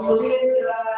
¡Gracias!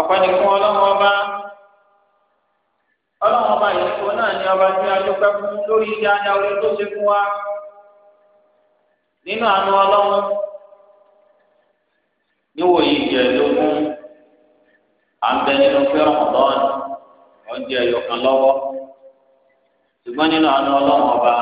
ọ̀pọ̀ ni fún ọlọ́run ọba ọlọ́run ọba yìí kó náà ní ọba tí a dúpẹ́ fún lórí ìdí ajá orí tó ṣe fún wa nínú àánú ọlọ́run níwòye ìjẹ́ẹ̀dógún à ń bẹ nínú pé ọ̀mọ̀lọ́run ọ̀jẹ̀ ẹ̀yọ̀kan lọ́wọ́ ṣùgbọ́n nínú àánú ọlọ́run ọba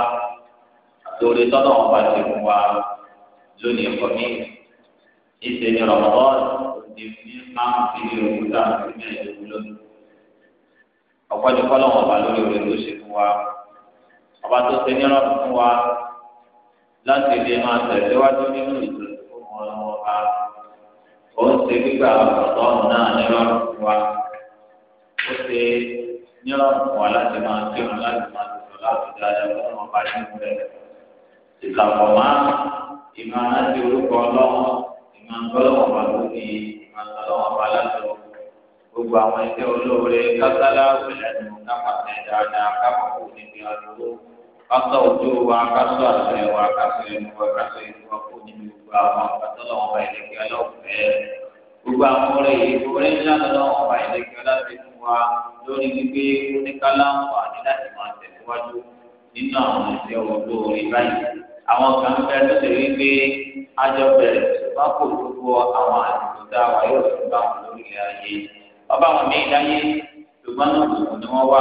èmi márùn sí ilé òkúta sí mẹ́ẹ̀ẹ́dógún lọ́dún. ọ̀pọ̀jù kọ́ lọ́wọ́ ọba lórí oore tó ṣe fún wa ọba tó ṣe ní ọlọ́run fún wa láti lè máa tẹ̀síwájú nínú ìtòsí fún wọn lọ́wọ́ ọba ó ń ṣe gbígbà ọ̀tọ̀ọ̀nù náà ní ọlọ́run fún wa ó ṣe ní ọlọ́run fún wa láti máa kírun láti máa tẹ̀sọ̀ láti dáadáa fún ọba nínú rẹ̀ ìkàfọ̀mọ́ ìmọ̀ aláṣẹ orúkọ ọlọ́run ìmọ̀ àgbọ̀lọ́wọ̀ pàtó ni àtàlọ́wọ̀n balàtọ̀ gbogbo àwọn ẹgbẹ́ olóore kásálà òlẹ́nu kápàtẹ́ dáadáa kápàkó níbi àdúró kásá ojú wa kásá àṣẹ wa kásá ẹnu wa kásá ẹnu wa kó níbi gbogbo àwọn àtàlọ́wọ̀n bá ẹlẹ́gbẹ́ ọlọ́fẹ́ gbogbo àwọn ọ̀rẹ́ yìí orí ńlá lọ́wọ́n bá ẹlẹ́gbẹ́ ọlọ́fẹ́ fún wa lórí gbígbé oníkálá ń wà ní láti máa tẹ̀síwájú nínú àwọn ìṣẹ́ olóore báyìí àwọn kan bá kó gbogbo àwọn àdìgbò tá a wà yóò fi bá wọn lórí ayé ọba àwọn míì láyé ṣùgbọ́n náà gbogbo ni wọ́n wà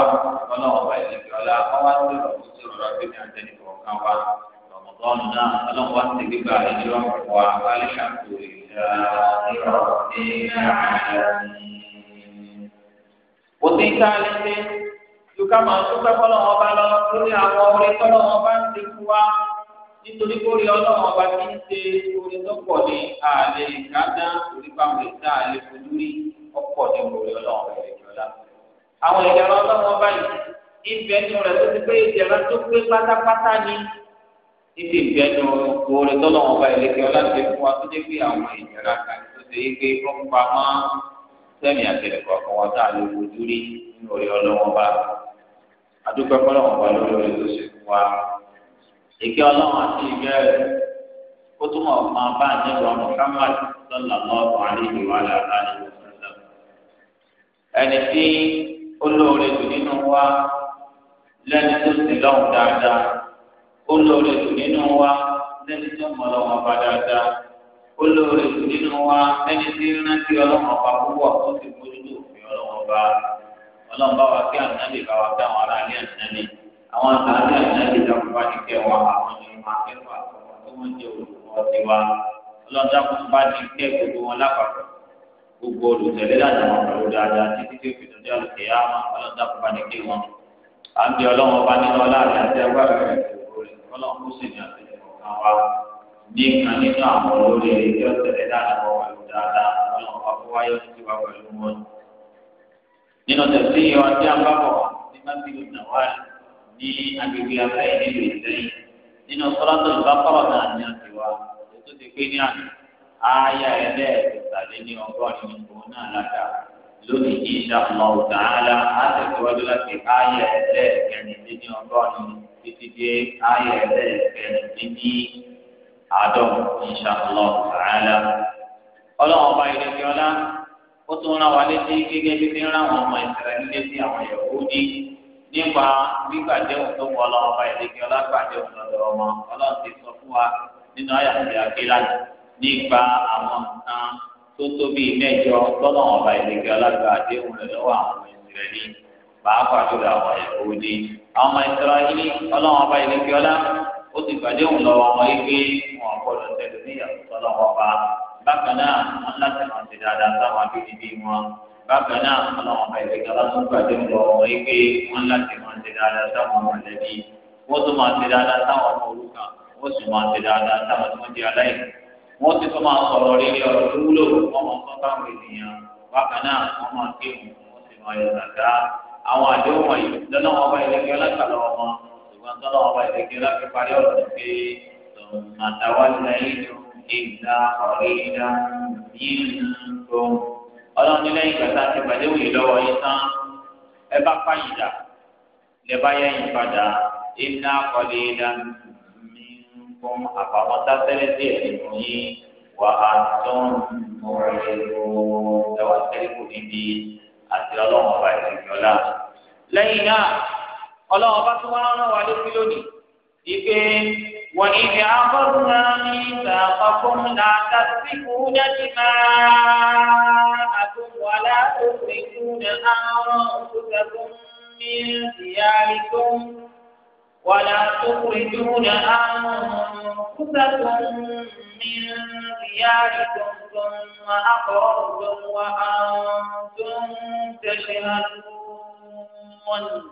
wọn náà wọ́n bá ilé fi ọlá wọ́n wá sí ọ̀rọ̀ sí ọ̀rọ̀ abẹ́mi àtẹnì kọ̀ọ̀kan wa ọ̀mọ̀tọ́nù náà ọlọ́run wá sí gbígbà ìdílé ọ̀pọ̀ wa wá lè ṣàkóso ìlà ìrọ̀rùn ní àárín. kò sí nítorí kórè ọlọ́run ọba kì í ṣe orí tó pọ̀ ní ààlẹ́ ìkádá orí báwọn ìta àlẹ́ fojú rí ọ̀pọ̀ ní orí ọlọ́run ọba ìjọba. àwọn ìjọba ọlọ́run ọba yìí ìfẹ́ nu rẹ̀ tó ti pé ìjọba tó pé pátápátá ni ibi ìfẹ́ nu orí tọ́lọ́run ọba ìlẹ́kẹ́ ọlá ti fún wa tó dé pé àwọn ìjọba kan tó ṣe é pé ó ń pa mọ́ sẹ́mi àtẹ̀lẹ́kọ̀ọ́ kan ìkẹ́ ọlọ́run àti ìgbẹ́ rẹ̀ kó tó mọ̀ máa bá àjẹwò Muhammad sọlá lọ́wọ́ àlejò àlà àlejò sọlá. ẹni tí ó lóore jù nínú wa lẹ́ni tó sì lọ́hùn dáadáa ó lóore jù nínú wa lẹ́ni tó mọ̀ lọ́wọ́ bá dáadáa ó lóore jù nínú wa lẹ́ni tí rántí ọlọ́run ọba púpọ̀ tó sì mójútó òfin ọlọ́run ọba ọlọ́run bá wa kí ànábì bá wa kí àwọn aráàlú ànábì àwọn àtàlẹ́ àtàlẹ́ ìdàkùnbá ní kẹwàá àwọn ni wọn akẹ́kọ̀ọ́ àkọ́kọ́ tó wọ́n jẹ́ olùkọ́ tiwa ọlọ́dàkùnbá ní kẹ́ gbogbo wọn lápapọ̀ gbogbo olùtẹ̀lé láti wọn pẹ̀lú dáadáa títí tí ó fi dọ̀jọ́ àlùkẹ́yà ọlọ́dàkùnbá ní kẹ́ wọn. à ń bí ọlọ́wọ́n bá nínú ọláàrẹ àti agbára rẹ̀ ọlọ́wọ́n kó sì ní àtẹ̀lẹ́kọ̀ọ́ kan wa ní kan nínú àwọn olórí ilé ọ̀tẹ̀lẹ̀ láti wọn pẹ̀lú dáadáa ọlọ́wọ́n bá fọwọ́ ayọ́ títí wa ní agbègbè abẹ́yẹ nílùú ìsẹ́yìn nínú sọ́lọ́tọ̀ ìbákọ́rọ̀ náà ní àtiwá ètò ti pé ní àná ààyè ẹlẹ́ẹ̀kẹtàlẹ́ ní ọgọ́rin òun náà lága lónìí kí ìdáhùn ọ̀gá ara àtẹ̀síwájú láti ààyè ẹlẹ́ẹ̀kẹrin ní ọgọ́rin títí dé ààyè ẹlẹ́ẹ̀kẹrin ní àádọ́rùn ìṣàlọ́ ọ̀gá ọlọ́run ọba ìrẹsì ọlá ó tún rán wa létí gẹ́gẹ́ nípa gbígbàdéhùn tó wọ ọlọ́run ọba ìdíkẹ́ ọlágbàdéhùn lọ́dọ̀ ọmọ ọlọ́run ti sọ fún wa nínú àyàfi àkílà nípa àwọn nǹkan tó tóbi mẹ́jọ lọ́dọ̀ ọba ìdíkẹ́ ọlágbàdéhùn rẹ̀ lọ́wọ́ àwọn ìsirẹ́lì pàápàá tó dà wọ́n ẹ̀kọ́ ní. àwọn ọmọ ìsirẹ́lì ọlọ́run ọba ìdíkẹ́ ọlá ó ti gbàdéhùn lọ́wọ́ wọn yí pé wọn gbọ́dọ̀ tẹ̀lé níyàwó bákan náà ọlọ́run ọba ìgbẹ́kẹ̀ aláṣọ gbàdé ń lọ ọmọ yìí pé wọ́n láti máa ṣe dáadáa sáwọn mọ̀lẹ́bí wọ́n tún máa ṣe dáadáa sáwọn ọmọ òrukàn wọ́n sì máa ṣe dáadáa sáwọn tí wọ́n jẹ́ aláìní wọ́n ti tún máa sọ̀rọ̀ rírí ọ̀rọ̀ tó wúlò wọ́n máa sọ fáwọn ènìyàn bákan náà wọ́n máa ké wọ́n sì máa yọ sàkà àwọn àdéhùn wọ̀nyí lọ́nà ọba ìlẹ́kẹ́ ọlọ́kàlọ́ ọmọ ṣùgbọ́n tọ́lá ọlọ́run nílẹ̀ ìgbà tá a ti gbàdéwò yìí lọ́wọ́ yín tán ẹ bá fàyìdà lẹ bá yẹ̀yìn padà iná kọ́lé dání mí fún àpamọ́ sásẹ́lẹ̀ sí ẹ̀sìn yín wà á tún mọ̀rẹ́ lọ ẹwà sẹ́lẹ̀ kò ní àti ọlọ́run ọba ìrìnàjò ọ̀la. lẹ́yìn náà ọlọ́run ọba tún wá rán wa lókè lónìí وإذ أخذنا ميثاقكم لا تسفكون دماءكم ولا تخرجون أنفسكم من دياركم ولا تخرجون أنفسكم من دياركم ثم أقررتم وأنتم تشهدون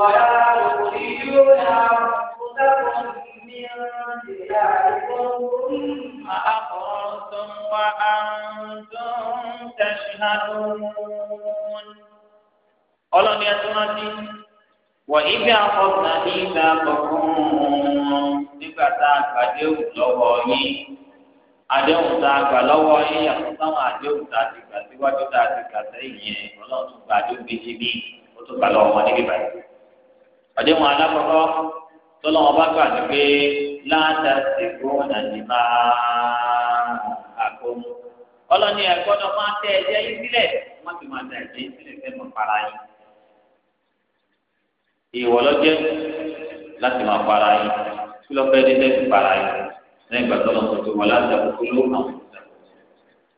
ولا تخرجون أنفسكم من دياركم ثم أقررتم وأنتم تشهدون ọlọ́ni ẹtúrántí wọ̀nyí bí akọ́sùnà ní ìgbà kọ̀ọ̀kan nígbà tá a gbàdéhùn lọ́wọ́ yín àdéhùn tá a gbà lọ́wọ́ yín yàtọ̀ sáwọn àdéhùn tá a ti gbà síwájú tá a ti gbà sẹ́yìn yẹn ọlọ́run tún gbà àdéhùn méjì bí ó tún gbà lọ́wọ́ wọn níbí báyìí àdéhùn alákọ̀ọ́kọ́ tọ́lọ́ wọn bá gbà ní pé láńtà ti gbóhùn àdìmá àkóhùn ọlọ́ni ẹ̀gbọ́dọ̀ máa tẹ ẹ̀jẹ̀ yín sílẹ̀ wọ́n ti máa tẹ ẹ̀jẹ̀ yín sílẹ̀ fẹ́ mọ̀ para yín. ìwọ lọ́jẹ́ láti máa para yín kí ló fẹ́ dé lẹ́sìn para yín lẹ́yìn ìgbà tó lọ sọ wọ́n láti àkókò ló hàn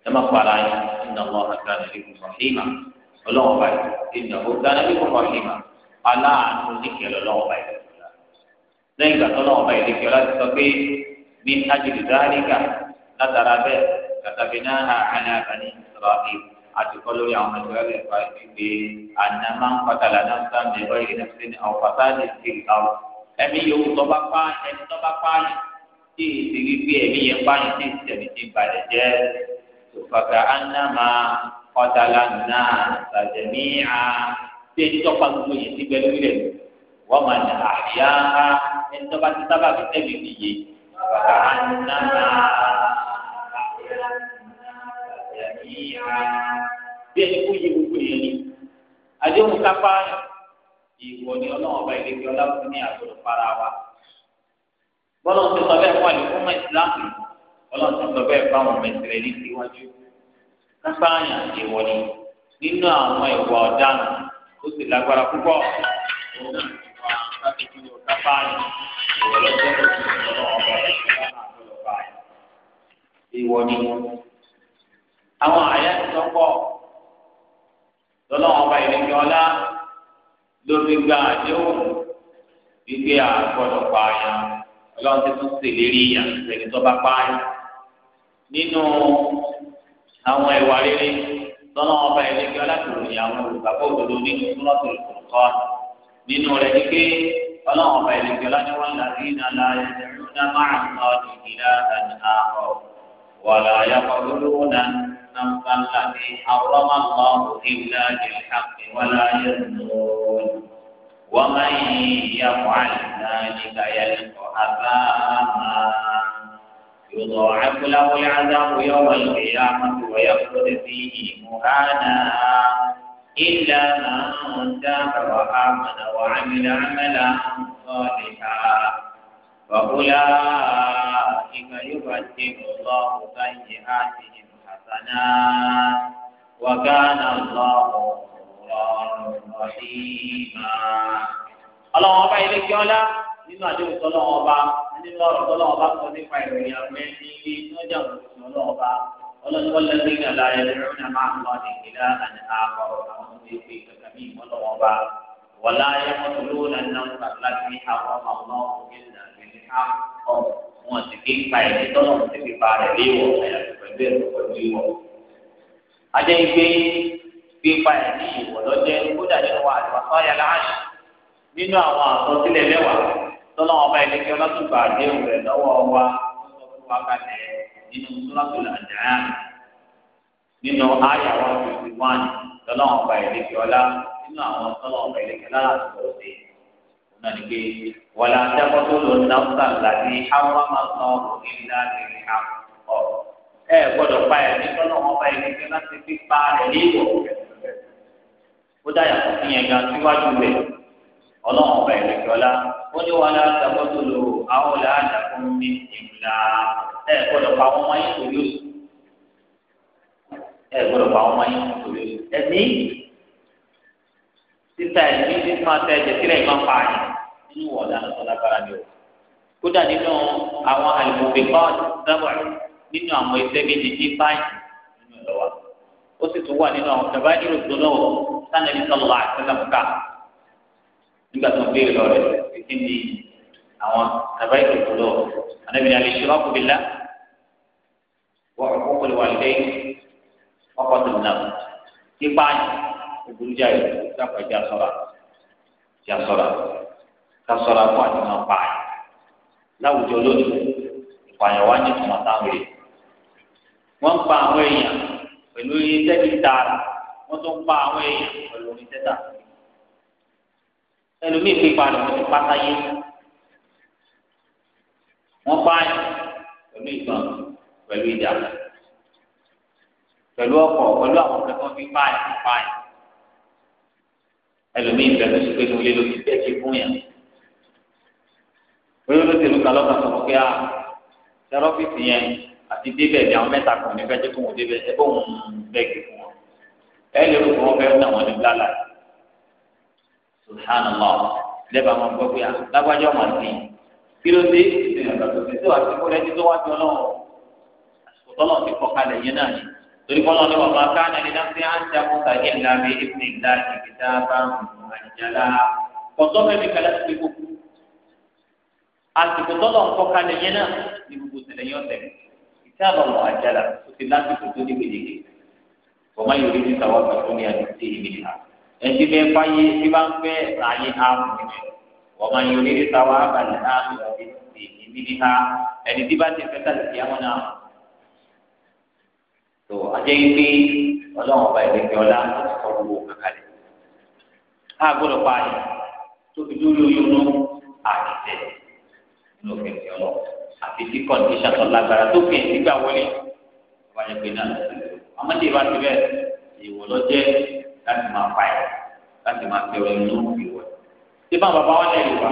ẹ má para yín ìnáwó àgbà nàìjíríà kò sọ báyìí ìnáwó dáná aláàánú oníkẹ́ lọ́wọ́ bá ìlú ìlú lẹ́yìn ìgbà tó lọ́wọ́ bá ìlú ìlú láti sọ pé mi ajílù dáríkà látara bẹ́ẹ̀ kàtàbí náà hà ánà àbáni ìsọ̀rọ̀bì àti kọ́ lórí àwọn ìsọ̀rọ̀bì ẹ̀fọ́ ìgbé àná máa ń pàtàlà náà sáà mẹ́rọ ìrìnà sí ni àwọn pàtàlì ti rí àwọn ẹ̀mí yòówù tó bá pa ẹni tó bá pa ni tí ìdírí pé ẹ̀mí yẹn pa ni tí ìtẹ̀mí ti balẹ̀ jẹ́ tòfàkà ánámà pàtàlà náà sàjẹ̀míà tí ẹni tọ́pa gbogbo yìí ti bẹ lórí rẹ̀ wọ́n máa ní àyà ẹni tọ́ba ti sábà fi tẹ̀lé nìyé bàbá ànínàmà bí ẹni kú yé gbogbo yìí ni àdéhùn kápá ìwọ ni ọlọ́run ọba ìdèkè ọlọ́run ní àgbọ̀dọ̀ para wa bọ́lá ti sọ bẹ́ẹ̀ fún àlékún mọ́ ìsìláàmù ọlọ́run ti sọ bẹ́ẹ̀ fún àwọn ọmọ ìsìlẹ̀ ní síwájú kápá ìwọ ni nínú àwọn ìwà ọ̀daràn ó sì lágbára púpọ̀ òun náà ti wá láti fi ọ̀dà báyìí ìwọ lọ́jọ́ tó ti lọ́wọ́ ọ̀gá ìjọba náà lọ́wọ́ báyìí. ìwọ ni àwọn àyà ìtọ́pọ̀ lọ́lọ́wọ́ ọba ìrìnkè ọlá ló fi gba àdéhùn gbígbé àgbọ̀dọ̀ pààyàn ọlọ́run ti tún ṣèlérí ìyàtọ̀ ẹni tó bá pààyàn nínú àwọn ìwà rere tọ́nà ọba ìlẹ́kẹ́ ọlọ́kùnrin ní àwọn olùgbàgbọ́ òdodo nínú sọ́lọ́tò ìkọ̀ọ̀kọ́ nínú rẹ̀ ní pé ọlọ́run ọba ìlẹ́kẹ́ ọlọ́dúnwó làbí nàlá ẹ̀dẹ̀rúnà máa ń lọ ìdílé àti àhọ̀ wàlá ayáfọ́lówó na nàmbá làbí àwòrán lọ ìlà ìlàkì wàlá ayélujára wọ́n máa ń yí ìyàwó àlùfáà nígbà yẹn lọ́kọ̀ àbá máa. يضاعف له العذاب يوم القيامة ويخلد فيه مهانا إلا من تاب وآمن وعمل عملا صالحا فأولئك يبدل الله سيئاتهم حسنات وكان الله غفورا رحيما الله أبا إليك يا الله لما جئت nínú ọ̀rọ̀ tọ́lọ́ ọba sọ nípa ìròyìn àwọn ẹni ilé tí wọ́n jẹ́ òṣìṣẹ́ ọlọ́ọ̀ba ọlọ́dúnwọ́lẹ́ ní ìgbàlá ẹni rẹ̀ ní àmà àlọ́ nìgbìlá àti àbọ̀ àwọn ọmọ ìgbé kàkà bí ìmọ̀lọ́wọ́ba wọlá ayémọ́tò lówó náà náà ń gbàgbá sí àwọn ọmọ wọn sì fi pa ẹni tọ́lọ̀ ti fi pa rẹ̀ léwọ̀ mẹ́wàá tọ́lọ́ ọba ìlẹ́kí ọlọ́túnfà àdéhùn rẹ̀ lọ́wọ́ wa sọ fún wa kalẹ̀ nínú sọ́lọ́tún àdá nínú àyàwó fifty one tọ́lọ́ ọba ìlẹ́kí ọlá nínú àwọn tọ́lọ́ ọba ìlẹ́kí ọlá àtúntò sí ọ̀nà ni pé wàlá dákọ́tò ló náwùsà láti àwọn máa sọ òkè láàrin àkọ́ ẹ gbọ́dọ̀ pa ẹ̀ ní tọ́lọ́ ọba ìlẹ́kí ọlá ti fi pa ẹ̀ ní ìwọ̀ ó dáyà fún yẹn ọlọ́run ọba ìrẹ̀kọ́lá ó ní wọn náà sàkóso lò àwọn ọ̀là àdàkùn ní ìgbà ẹ̀ gbọ́dọ̀ pa àwọn ọmọ yín torí oṣù ẹ̀ gbọ́dọ̀ pa àwọn ọmọ yín torí oṣù ẹ̀mí títa ẹ̀mí tí máa tẹ ẹ̀jẹ̀ sílẹ̀ máa pa àyè nínú ọ̀dà ọ̀lágbára ni o kódà nínú àwọn àlùmọ̀bí kọ́ọ̀tù sábà nínú àwọn ẹgbẹ́ méjì tí báyìí nínú ìlọ́wọ́ ó sì tún wà nígbà tó ń béèrè lọ rẹ̀ títí di àwọn tàbá ìkòkò lọ anábìrin alẹ́ ṣe rọ́pò bìlá wọ́n kọ́ pẹ̀lú wà lẹ́yìn ọkọ̀ tó nà ipa òbúrú jáde dápọ̀ ìjà sọ́ra ìjà sọ́ra ká sọ́ra fún àti máa pa àyè láwùjọ lónìí ìpààyàn wá ní ìtumọ̀ táwọn èèyàn wọ́n ń pa àwọn èèyàn pẹ̀lú iye tẹ́lifí tààrà wọ́n tún ń pa àwọn èèyàn pẹ̀lú orin tẹ́tà ẹlòmíì pípa rẹ̀ wọ́n ti pátá yé wọ́n pààyàn pẹ̀lú ìbọn pẹ̀lú ìdá pẹ̀lú ọkọ̀ pẹ̀lú àwọn ọ̀rẹ́ wọn fi pààyàn pààyàn ẹlòmíì bẹ̀rẹ̀ sí pé nulẹ̀ ló ti bẹ́ẹ̀ ti fún yàn pẹ̀lú ló ti lu kalọ́ kan sọ̀rọ̀ pé a ah, tẹ́rọ́fìsì yẹn àti débẹ̀ ni àwọn mẹ́ta kan ní fẹ́ẹ́ jẹ́ kó wọn débẹ̀ ẹ bó ń bẹ́ẹ̀ kí fún wọn ẹ lè rò pé wọ́n fẹ́ẹ́ náà wọn ní bláàlà yìí subhanallah lẹ́bàá máa gbọ́ pé à lágbájọ́ máa ti kí ló dé ìṣèlú àti kó lẹ́ni tó wá jọ lọ́wọ́ àsìkò tọ́lọ̀ ti kọ́ kalẹ̀ yẹn náà ni torí kọ́lọ́ ni wàá ká ní ẹ̀dá sí àǹtí àkóso àyè ńlá mi ìpín ìlà ìgbìdá bá ń bọ̀ àjàlá kọ́tọ́ fẹ́mi kalẹ̀ sí gbogbo àsìkò tọ́lọ̀ ń kọ́ kalẹ̀ yẹn náà ni gbogbo tẹ̀lé yẹn ọ̀tẹ̀ ìtàbọ̀ mọ̀ àjàlá ó ti lásìkò tó ní gbèdéke wọ́n má yọrí ní sàwọ́ àgbà tó ẹtí bẹ fáyé tí bá ń fẹ́ ráyé ààbò wọ́n máa yọ orí ta wá balẹ̀ ààbò àti èyí níbi ha ẹni tí bá ti fẹ́ tàbí ti àwọn náà. tó ajẹ́ pé ọlọ́run ọba ìrẹ́pẹ̀ ọlá ti kọ́ gbogbo kàkàlẹ̀. a gbọ́dọ̀ pa àyè tó fi dúró yóò nú àkìtẹ̀ nínú òfin ti ọlọ́ àti tí kọ́ndíṣàn tó lágbára tó fi ẹ̀sìn gbà wọlé. ọba yẹn náà ti bẹ́ẹ̀ láti máa fa ẹ̀ láti máa tẹ ọ̀rẹ́ inú òfin wẹ̀. ṣé báwọn bàbá wọn lẹ́yìn wa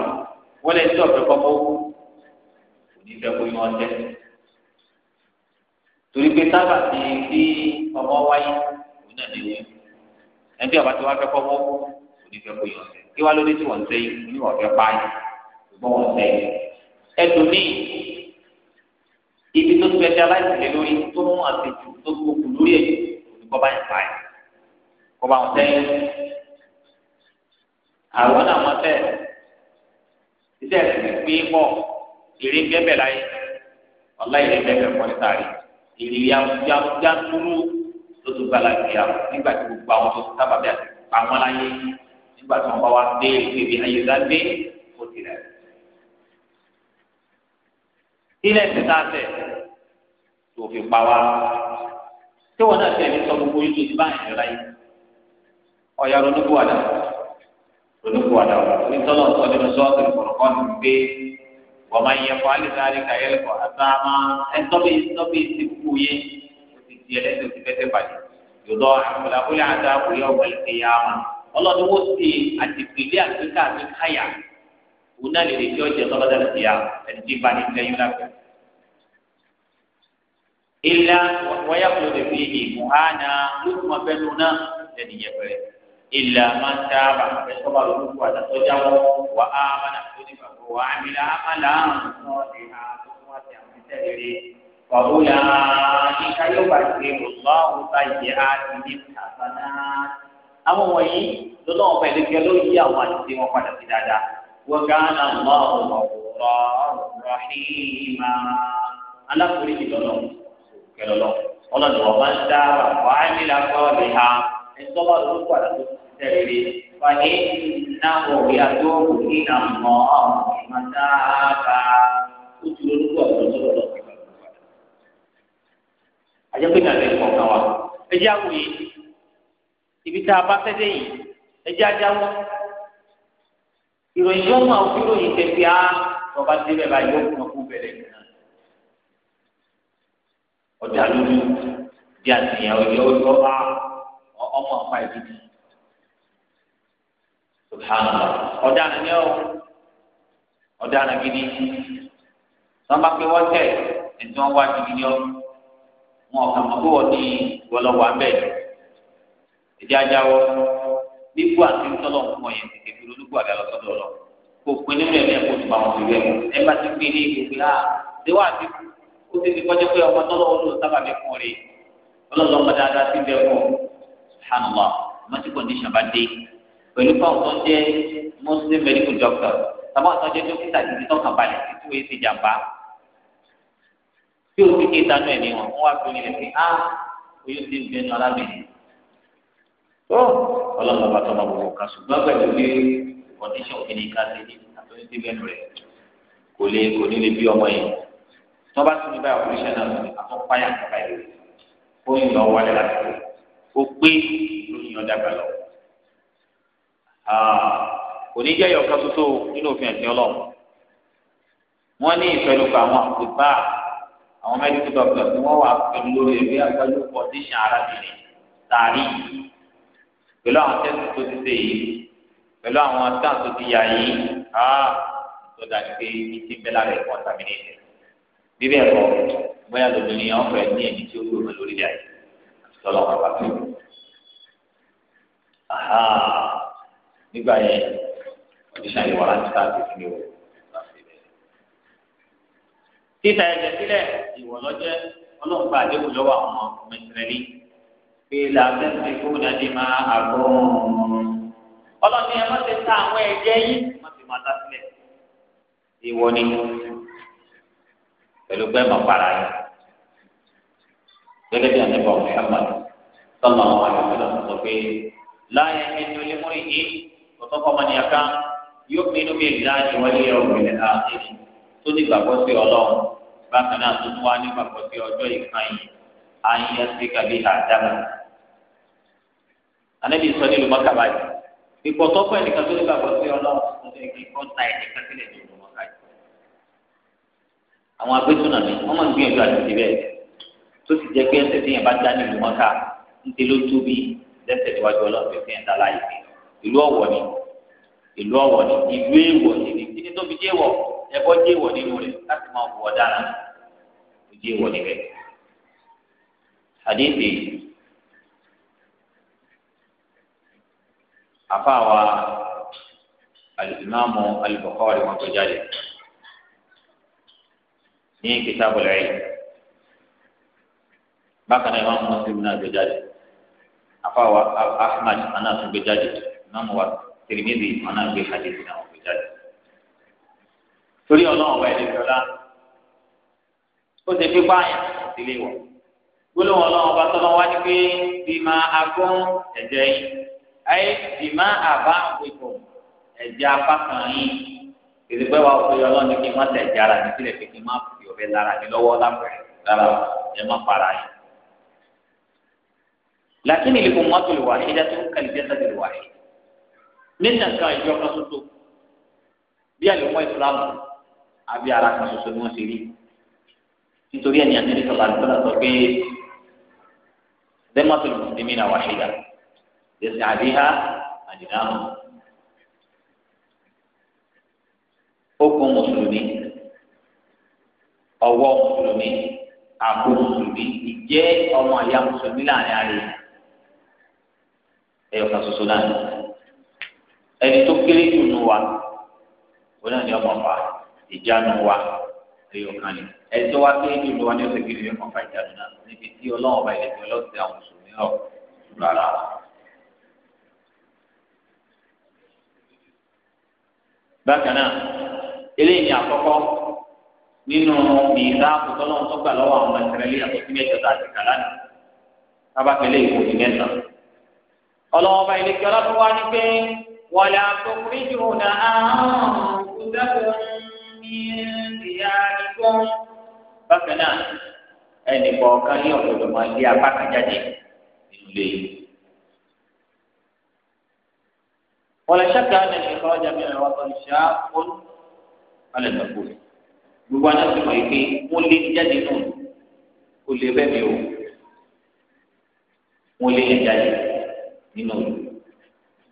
wọ́n lẹ́yìn tí ọ̀fẹ́ kọ́kọ́ kú kò ní fẹ́ kó yan ọtẹ. torí pé sábà ti fi ọmọ wáyé òun náà ní wíwú ẹni tí ọba ti wá fẹ́ kọ́kọ́ kú kò ní fẹ́ kó yan ọtẹ. kí wá lóde tí wọ́n ń sẹ́yìn ní ọ̀fẹ́ páyì ṣùgbọ́n wọ́n sẹ́yìn. ẹlòmíì ibi tó ti fẹ́ dá láìsílẹ̀ lórí tó mú àtẹ̀jù tó gbókù lórí ẹ̀ olùkọ́ bá yẹn pààyàn kó bá wọn sẹ́yìn àwọn náà wọn sẹ iṣẹ́ ìsìn pín pọ̀ ìrìn bẹbẹ láyé ọlá ìrìn bẹbẹ pọ̀ ní sáré ìrìn yanturu tó tún gbala ìyá nígbà tí gbogbo àwọn tó sábà bẹ àwọn láyé nígbà tí wọn bá wá dé ìgbèbí ayélujára dé kó tirẹ̀. ilé ti ta tẹ tó pa wá tí wọn náà tẹ sọ gbogbo yìí tó ti bá ìrìn láyé ọ̀yà ronúkúwàdà ronúkúwàdà onítọ́lọ̀ sọ nínú sọ́ọ̀tì kọ̀ọ̀kọ́ ní pé wọ́n máa ń yẹ fún alẹ́sàárì káyẹ́lẹ́ kọ́ àtàmà ẹ̀ńtọ́bí ẹ̀ńtọ́bí ti kú yé ti di ẹlẹ́sẹ̀ ti bẹ́tẹ̀ pàdé yòdọ̀ àkùlàkùlà àtàkùn yẹ ọ̀gbọ̀n ìkéyàmà ọlọ́dún wọ́n ti àtìpìlẹ̀ àgbéká àti káyà òun náà lè lè jọ jẹ tọ́lọ́dà lẹ́sẹ̀ yà ẹni ilà máa ń sábà ẹsọ bá lọ lóko àtàtọ jáwọ wà á mọnà tó ní bàbá wà á mi là á má là á mọ ní àtúntò wọn ti àwọn iṣẹ́ rere wàhó là á níka yóò bá ti lọ àwọn báyìí á ti ní kàfánà. àwọn wọ̀nyí lọ́nà ọ̀pẹ ìlẹ́kẹ́ ló yí àwọn àtúntò wọn padà sí dáadáa wọ́n gán náà mọ́ ọ̀rọ̀ ọ̀rọ̀ rọ̀hìnmá. alákùnrin mi lọ́nà kẹlọ́lọ́ ọlọ́dún ọ̀bá المتقين فإنه يتوب إلى الله متابا ojúlórí kó ọ̀dọ́ sọ̀rọ̀ lọ sí ìgbàgbọ́ padà. ajẹ́ pé nàlẹ́ kọ̀ọ̀kan wa ẹ jẹ́ àwòye ibi tá a bá fẹ́ dé yìí ẹ jẹ́ ajáwọ́ ìròyìn yóò máa fi ròyìn kẹfì á bàbá débẹ̀ bá yóò fún ọkùnrin bẹ̀rẹ̀ yìí ọ̀dà lórí bí àtìyàn ọ̀yọ́ ọ̀yọ́ bá ọmọ àpá ìdíje subhanallah ọ̀daràn ni ọ ọ̀daràn gidi sọmba pé wọ́n tẹ̀ ẹ̀tí wọ́n wá gidi ni ọ wọn kàn mọ́ pé wọ́n ní ìwọlọ́wọ́ abẹ́ ẹ̀dí ajáwọ́ nígbà tí ń tọ́lọ̀ fún ọ yẹn tètè fi olúkú àgbà lọ sọ́dọ̀ lọ kò pin nínú ẹ̀mí ẹ̀kọ́ tó bá wọn fi bẹ́ẹ̀ ẹ bá ti pín ní ìgbòkè á ah, ṣé wàá ti kó ti ti kọjá pé ọmọ tọ́lọ̀ wọn sábà fi fún rè ọlọ́lọ́mọ dáadáa ti bẹ́ẹ̀ fún ọ pẹ̀lú fáwọn tó jẹ́ muslim medical doctor tàbá tó ń jẹ́ dókítà gidi tó kàn balẹ̀ títí wọ́n ti jàmbá tí o ti ké ìtanú ẹ̀mí wọn wọ́n wá pèmí rẹ̀ pé á oyún ti ń bẹ nu alábẹ̀rẹ̀ tó ọlọ́mọ bá ma bọ̀ ká ṣùgbọ́n pẹ̀lú pé condition kìíní ká ti ní àtúnyí ti bẹ́ẹ̀ nù rẹ̀ kò lè kò ní lè bí ọmọ yẹn tó bá tún ní báyìí operation náà lónìí àtúnpáyà kọ̀ọ̀kan yìí ó yìn lọ wálé láti ó pé lóyún ọ̀dàgbà lọ́wọ́. Ah, oníjẹ yọkan soso nínú òfin ẹsìn Ọlọ́run wọn ní ìfẹnukọ àwọn àkùbá àwọn mẹdíkù dọkítọ tí wọn wà pẹ̀lú lórí ẹgbẹ àgbáyé kọndíṣàn arábìnrin tààrí pẹ̀lú àwọn tẹsí tó ti ṣe yìí pẹ̀lú àwọn tán tó ti yà yìí ah, tó dájú pé ìtì ń bẹ lára ẹ̀kọ́ contaminated bíbí ẹ̀kọ́ bóyá lóbìnrin ọ̀fẹ́ ní ẹ̀mí tí ó gbé wọn lórí rẹ̀ àti tọ́lọ́ wọn bàbá nígbà yẹn ọdíṣà yìí wà láti sáàtì fún ìwọ títa ẹ̀jẹ̀ sílẹ̀ ìwọ lọ́jẹ́ ọlọ́run gba àdéhùn lọ́wọ́ àwọn ọmọ ìsirẹ́lì pé làbẹ́sẹ̀ kó dáadé máa àgọ́ ọlọ́ni ẹ má ti ta àwọn ẹ̀jẹ̀ yìí má ti máa dá sílẹ̀ ìwọ ni pẹ̀lú pé mọ̀ para yìí gẹ́gẹ́ bí àníbọ̀ Muhammad sọ́nà àwọn àyọ̀kẹ́lẹ́ sọ pé láyé ẹni olé ọ̀tọ́kọ̀ ọmọnìyàn kan yóò fi inú bíi ìlà ìwọlé ọ̀gbìnrin àkèrè tó ní gbàgbọ́ sí ọlọ́run bákan náà tó tún wá ní gbàgbọ́ sí ọjọ́ ìkànnì ayé sí kàbí àdámà. anábì sọ nílùú mọ́kàbá yìí ìpò tọ́kọ̀ ẹnìkan tó ní gbàgbọ́ sí ọlọ́run tó ní kíkọ́ ta ẹnìkan sílẹ̀ nílùú mọ́kàbá tó sì jẹ́ pé ẹsẹ̀ tí yẹn bá dá nílùú mọ́kà ń tẹ lójú bí lẹ́sẹ̀ níwájú ọlọ́run tó fi ẹ̀ ń dá láyé ìlú ọ̀wọ̀ ni ìlú ọ̀wọ̀ ni ìlú èèwọ̀ ni ní kíni tó fi jẹ́ wọ̀ ẹ̀kọ́ jẹ́ wọ̀ nínú rẹ̀ láti máa wọ̀ ọ̀daràn tó jẹ́ wọ̀ níbẹ̀. àdéhùn àfáàwà alìsímáàmù alìbọ̀kọ́rì wọn tó jáde ní kìtàbù lẹ́yìn bákan náà ìmáàmù mùsùlùmí náà gbé jáde àfáàwà ahmad anáà tún gbé jáde ìmáàmù wa tìrìmìlì wọn náà gbé hadithi náà wọ́n jáde. torí ọlọ́run ọba ẹni fẹ́lá ó ti fi pààyàn sílé wọ̀ gbólóhùn ọlọ́run ọba tọ́lọ́ wá ní pé bímá agún ẹ̀jẹ̀ yìí ayé bímá àbá àpèkọ ẹ̀jẹ̀ apá kan yìí ìdìpẹ́ wa ó péye ọlọ́run ní kí n má tẹ̀jẹ̀ ara mi sílẹ̀ kí n má fi ọ̀bẹ lára mi lọ́wọ́ lápẹ̀rẹ̀ rárá ẹ má para yìí. لكن لكم ما الواحدة كالجسد الواحد nation kan ìjọ kan ṣoṣo bí àlùmọ́ ìsìlámù àbí ara kan ṣoṣo ni wọ́n ti rí nítorí ẹni àtẹ́lẹ́ sọ̀rọ̀ àlùfẹ́lá sọ pé dẹ́mọ́tòlù mùsùlùmí náà wàhídà yẹsẹ̀ àbíhá àdìdáhùn okùn mùsùlùmí ọwọ́ mùsùlùmí àpò mùsùlùmí ìjẹ́ ọmọ àyà mùsùlùmí láàrin àárẹ̀ ẹ̀yọ̀kan ṣoṣo láàrin ẹni tó kéré jù nù wa wọn náà ní ọmọ fa ìjánu wa ẹyọkan ni ẹni tó wá kéré jù nù wa ní ọ̀sẹ̀ kiri ọmọ fa ìjánu náà níbi tí Ọlọ́run ọba ìlẹ̀kùn ọlọ́sẹ̀ àwọn mùsùlùmí rọ rárá. bákan náà eléyìí ni àkọ́kọ́ nínú ìlà àkótọ́lọ́run tó gbà lọ́wọ́ àwọn ìsirẹ́lì àkótí mẹ́jọ tá a ti kà lánàá tábàkẹ́lẹ́ ìkòtì mẹ́ta ọlọ́wọ́ ọba ìlẹ̀kùn ọlọ́sẹ̀ ولا تخرجون أنفسكم من دياركم فكنا ẹnì kọ̀ọ̀kan ní ọ̀dọ̀dọ̀ máa lé apá kan jáde nínú ilé yìí. wọ́n lè ṣẹ́ka ní ẹ̀kọ́ ọjà mi rẹ̀ wọ́n tọ́lú ṣáá ó alẹ́ nàkó. gbogbo àná ti pé wọ́n lé jáde nù kó lè bẹ́ẹ̀ mi o wọ́n lé jáde nínú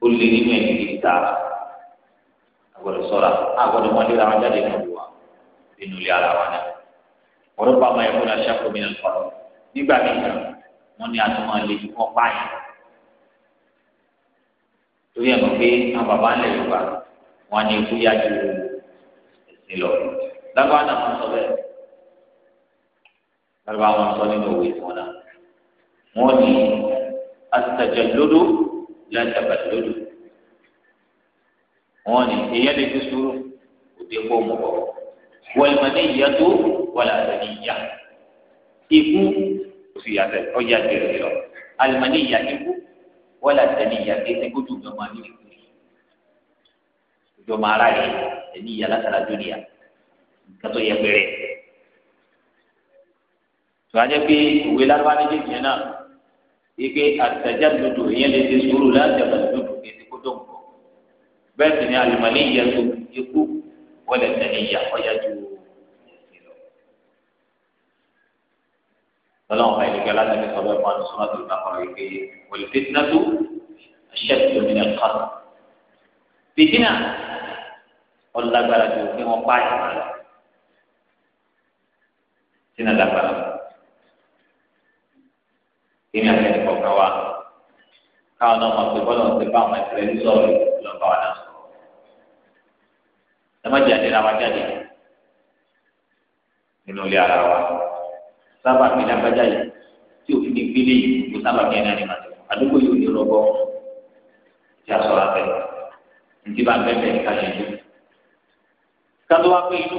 olè nínú ẹ̀mí tààrà agbọ́dọ̀ ṣọ́ra agbọ́dọ̀ mọlẹ ara wọn jáde nínú wa nínú ilé ara wa náà wọn ló bá ọmọ yẹn fún aṣáko mi náà kọ nígbà mìíràn wọn ní atúmọ̀ lè fi wọn pààyàn torí ẹ̀ mọ̀ pé àwọn bàbá ńlẹ̀ yorùbá wọn ní ikú yá ju ẹ̀sìn lọ lágbára náà wọn sọ bẹ́ẹ̀ lágbára wọn sọ nínú òwe ìfọ̀nà wọn ní asàjẹ lódò lẹ́sàbà lódò wọn ni èyẹ lè fi sùúrù òde kó mọ ọ wọlùmọdé ìyá tó wọlé àtẹnì ìyá ikú òsì yàtẹ ọjà tẹrẹ lọ alùmọdé ìyá ikú wọlé àtẹnì ìyá kéde kójú gbọmọ ní ìlú ìjọba ara rẹ ẹni ìyá látara dúnìyà kátó yẹ pẹrẹ tó pé ìwé lábá méjèèjì yẹn náà ike àtẹjáde dodo ìyẹn lè fi sùúrù láti ẹgbẹ bẹ́ẹ̀ sì ni àlùmọ́lé yẹ tó ikú wọlé tẹ̀lé ìyá ọ̀yá ju ẹ̀sìn lọ. lọ́lọ́run ọ̀hún ẹ̀dẹ́gbẹ́ aládàáni sọ bẹ́ẹ̀ fún àdúsọ́nà tó bá kọ́ ẹ̀gbẹ́ wọlé fìtínà tó ṣẹ́ tòmìnà kan. fìtínà ọ̀lágbára ju pé wọ́n pa àyàn lọ. sínú àdàgbàrà kí ni àtẹnukọ̀ọ̀kan wa káwọn náà mọ̀ pé bọ́lá ọ̀sẹ̀ bá àwọn ẹ̀sẹ̀ lórí sọ̀rọ̀ lọ́ba ẹ má jáde ra wa jáde nínú ilé ara wa sábà mi lágbájá tí òfin ní yìí kò sábà mi ẹni àná àdúgbò yìí ò ní rọgbọ tí a sọ̀rọ̀ abẹ ntí bá bẹ́ẹ̀ ká yẹn jù kátó wá pé inú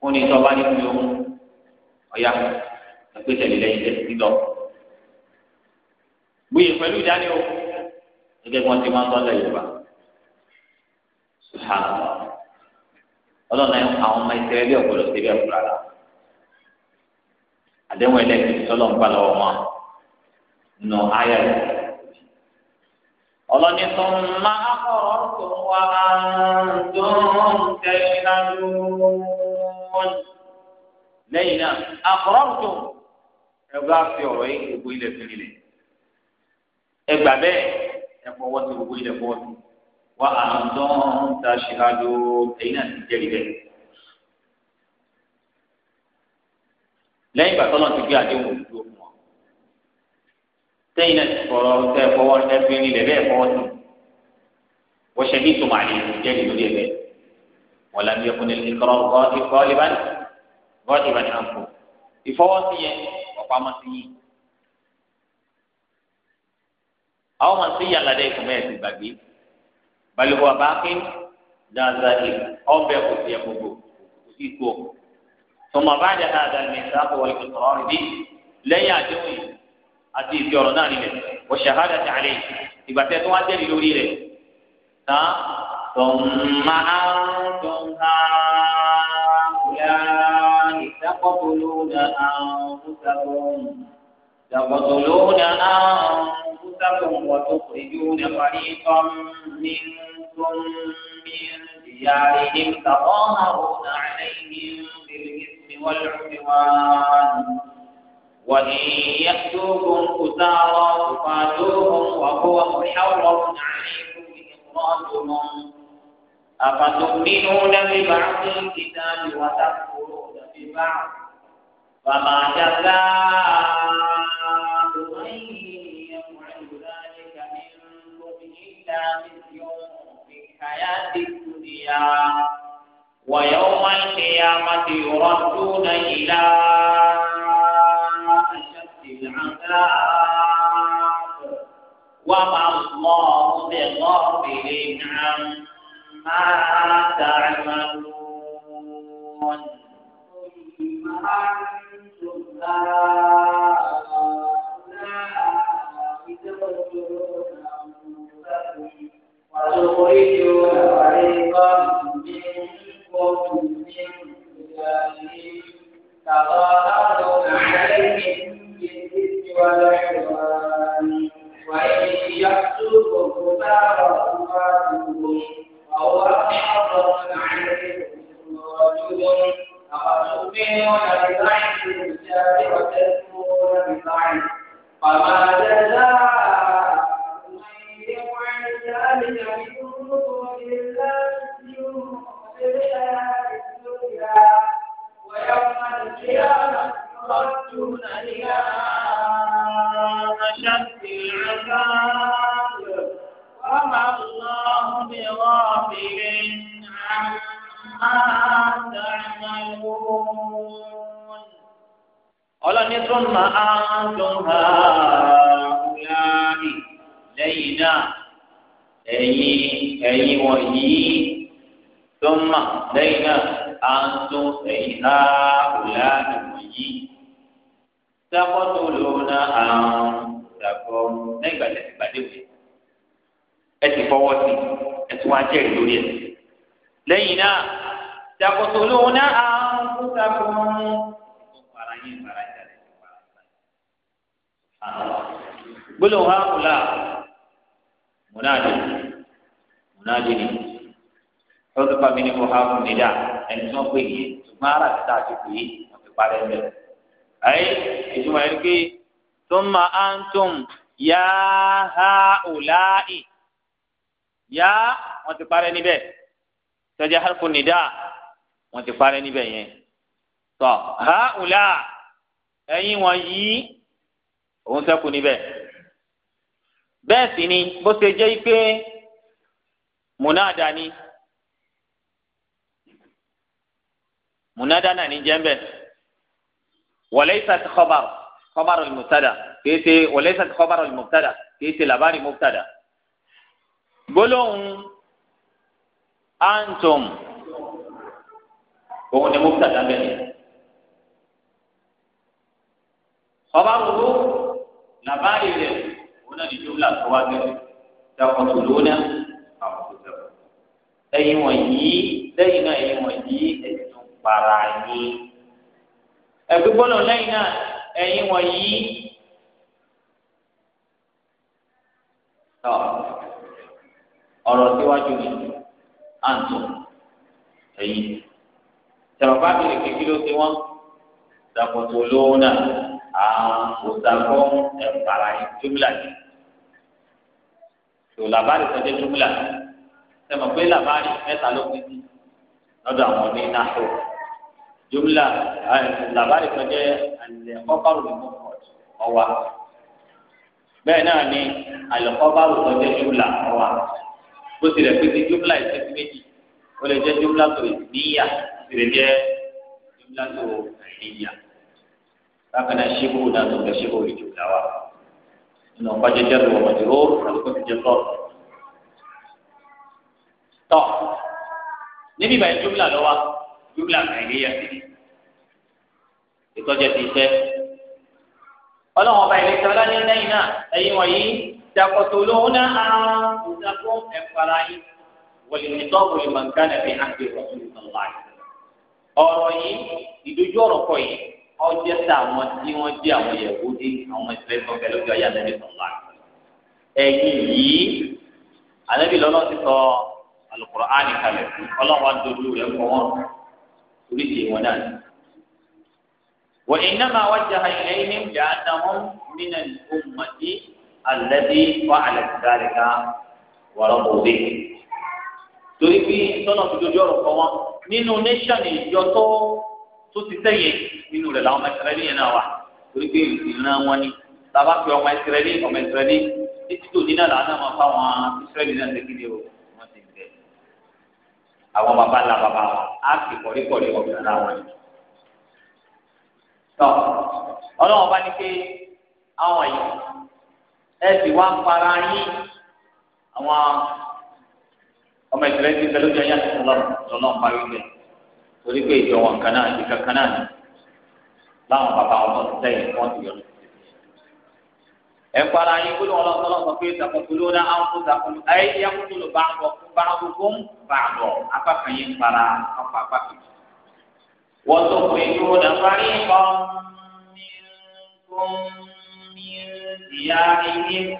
wọn ni tọ́ba ní fi ohun ọ̀ya ẹgbẹ́sẹ̀ lè lẹ́yìn tẹ́sí lọ bóyá pẹ̀lú ìdáni o gẹ́gẹ́ bí wọ́n ti máa ń tọ́lẹ̀ yorùbá subhanallah ọlọ́run àwọn ọmọ ìsirẹ́lì ọ̀gbọ́dọ̀ síbẹ̀ fúra la àdéhùn ẹlẹ́gbẹ̀ẹ́ sọlọ́n gbà lọ́wọ́ wọn nù ayọ̀ rẹ̀ ọlọ́ni tó ń má akọ̀rọ̀ tó wà tó ń tẹ̀lé lọ́dún lẹ́yìn náà akọ̀rọ̀ tó ẹgbẹ́ àfi ọ̀rọ̀ yìí gbogbo ilẹ̀ fi rilẹ̀ ẹgbà bẹ́ẹ̀ ẹ̀fọwọ́ ti gbogbo ilẹ̀ fọwọ́ ti wà á dán ta ṣìkàdó èyí náà ti jẹ́rìí rẹ̀. lẹ́yìn ìgbà tọ́lọ́ ti gbé àdéhùn òdúró fún wọn. sẹ́yìn náà ti fọ̀rọ̀ tẹ́ ẹ fọwọ́ ẹ fi rin lẹ̀ fọwọ́ sí. wọ́n ṣe ní ìtumọ̀ àlè ìjẹ́rìí lórí ẹ̀ bẹ́ẹ̀. wọ́n làbí ẹkùnrin ní kọ́ ìfọ́ libani gọ́ọ̀dì ìbàdí náà fò. ìfọwọ́sí yẹn sí yìí. àwọn máa sí balùwẹ̀ wà bá kí dáadáa yìí ọbẹ̀ kò tiẹ̀ gbogbo kò sí kú ọ. sọmọ bá dẹ ha dà mí sáfù wọlé kò sọ̀rọ̀ rẹ̀ bí lẹ́yìn àdéhùn yìí àti ìfi ọ̀rọ̀ náà nílẹ̀ wọ́n ṣàhádà tààlẹ̀ ìgbà tẹ́ tó wá jẹ́rìí lórí rẹ̀ tán ثم أنتم هؤلاء تقتلون أنفسكم تقتلون أنفسكم رؤوسهم وتخرجون فريقا منكم من ديارهم تظاهرون عليهم بالإثم والعدوان وإن يأتوكم أسارى تقاتلوهم وهو محرم عليكم إخراجهم أفتؤمنون ببعض الكتاب وتكفرون ببعض فما جزاء من إلا مثل في الحياة الدنيا ويوم القيامة يردون إلى أشد العذاب وما الله بغافل عما تعملون ثم أنتم هؤلاء تبصرون وتخرجون فريقا منكم من بلادهم تظاهرون عليهم بالإثم والعدوان وإن يقتلوكم كفار أمواتكم وهو حرام عليكم رجل أفتؤمنون ببعض الكتاب وتكفرون ببعض فما ثم أنتم هؤلاء لينا ẹ̀yin ẹ̀yin wọ̀nyí tó mà lẹ́yìn náà à ń tó ẹ̀yin láàbùlá ìwọ̀nyí sábọ́tò lóna àrùn ìdàgbọ́ lẹ́gbàá lẹ́sìn gbàdéwé ẹ ti fọwọ́ sí ẹ tún wá jẹ́rìí lórí ẹ̀ lẹ́yìn náà sábọ́tò lóna àrùn ìdàgbọ́ fara yín fara gbólóhùn àkùlà múnáàdì múnáàdì ni lọ́dún pàmì ní mọ̀hámù nídà ẹni tí wọ́n pè yìí ṣùgbọ́n ara ti tàbí pé wọ́n ti parẹ́ ń bẹ̀rẹ̀. ayé ìtumọ̀ yẹn pé thumma antum yá ha ùláì yá wọ́n ti parẹ́ níbẹ̀ tọ́jà harfu nídà wọ́n ti parẹ́ níbẹ̀ yẹn. tọ́ ha ùlá ẹ̀yin wọ̀nyí òun sẹ́kù níbẹ̀ bẹ́ẹ̀ sì ni bó ṣe jẹ́ pé múnádà ni múnádà náà ní jẹ́ńbẹ̀ walaysat khabar khabar al-mubtada kìí ṣe walaysat khabar al-mubtada kìí ṣe gbólóhùn antum òun ni mubtada bẹ́ẹ̀ ni khabaruhu làbáyé rẹ̀ òun náà ní jùmùlà tó wá gẹ́gẹ́ dàpọ̀tò lónà àwọn tó dàpọ̀. ẹ̀yin wọ̀nyí lẹ́yìn náà ẹ̀yin wọ̀nyí ẹ̀sìn para yín. ẹ̀gbẹ́ gbọ́dọ̀ lẹ́yìn náà ẹ̀yin wọ̀nyí. ọ̀rọ̀ síwájú mi à ń tún ẹ̀yin. sàbàbá mi lè kékeré ó ti wọ́n dàpọ̀tò lónà àwọn òsàkọ́ ẹ̀fàrà júmùlà ni tò làbárì sọjẹ́ júmùlà sẹ́mọ̀ pé làbárì mẹ́ta ló pín sí lọ́dọ̀ àwọn ní nàṣọ júmùlà làbárì sọjẹ́ àlẹ́ kọ́kọ́rù ní kọ́kọ́t ọ̀wà bẹ́ẹ̀ náà ni àlẹ́ kọ́kọ́rù sọjẹ́ júmùlà ọ̀wà bó tilẹ̀ pín sí júmùlà ìṣẹ́jú méjì ó lè jẹ́ júmùlà tó ìníyà ó sì lè tó ìníyà bákan náà ṣíbù náà tó gbẹ ṣíbù ìjù dáwà nínú ọkọjẹ jẹrù ọmọ tí ó àtúkọ ti jẹ bọọlù. tọ níbi ìbàyẹn júmìlà lọ wa júmìlà nàìjíríà sì ni ìtọ́jẹ ti fẹ́. ọlọ́run ọba ìlẹ́sẹ̀ ọlá ní lẹ́yìn náà ẹ̀yin wọ̀nyí ṣàkóso lóhùn náà àrùn ìdàpọ̀ ẹ̀fara yìí wọ̀lì nìtọ́ọ̀bù ìmọ̀ ọjọ́ tá àwọn tí wọ́n jẹ́ àwọn yẹ̀wòdì àwọn ìfẹ́sọ̀ pẹ̀lú bí ọyá nàbí sọ̀lá. ẹ̀yìn yìí ànábì lọ́nà ti sọ Al-Qur'ani kalẹ̀ ọlọ́wọ́ dojú rẹ̀ kọ́ wọn oríṣi wọn náà ni. wọ́n iná máa wá jẹ́ àyè ẹ̀yìn ìjà àdáhùn mínà ummati alladhi wà àlẹ́sìdáríkà wọ́rọ́ bòbí. torí bí sọ́nà tó dojú kọ́ wọn nínú nation ìjọ tó tó ti sẹ́yìn nínú rẹ̀ làwọn ọmọ ìsirẹ́lì yẹn náà wà torí pé ìran wọn ni bàbá fi ọmọ ìsirẹ́lì ọmọ ìsirẹ́lì títí tòní náà làwọn náà máa fa àwọn ìsirẹ́lì náà ṣe kíni o wọ́n ti bẹ̀. àwọn bàbá ńlá bàbá wa á fi kọ̀ríkọ̀rí ọ̀gbìn ara wọn. tọ́ ọlọ́run bá ní pé àwọn yìí ẹ sì wá para yín àwọn ọmọ ìsirẹ́lì ti bẹ lójú ẹ̀yà tó torí pé ìjọ wọn kan náà ìka kan náà ni láwọn bàbá wọn náà ti sẹ́yìn wọn ti yọrọ ẹ para yín kúló wọn lọsọ lọsọ pé takọtuló náà àwọn kó takọtuló ẹ yẹ kó tó bá ń fún bá ń bá ń bọ yín para apá apá kan yín. wọ́n tó pé yóò dá parí kan ní kún ní ìyá ẹyẹ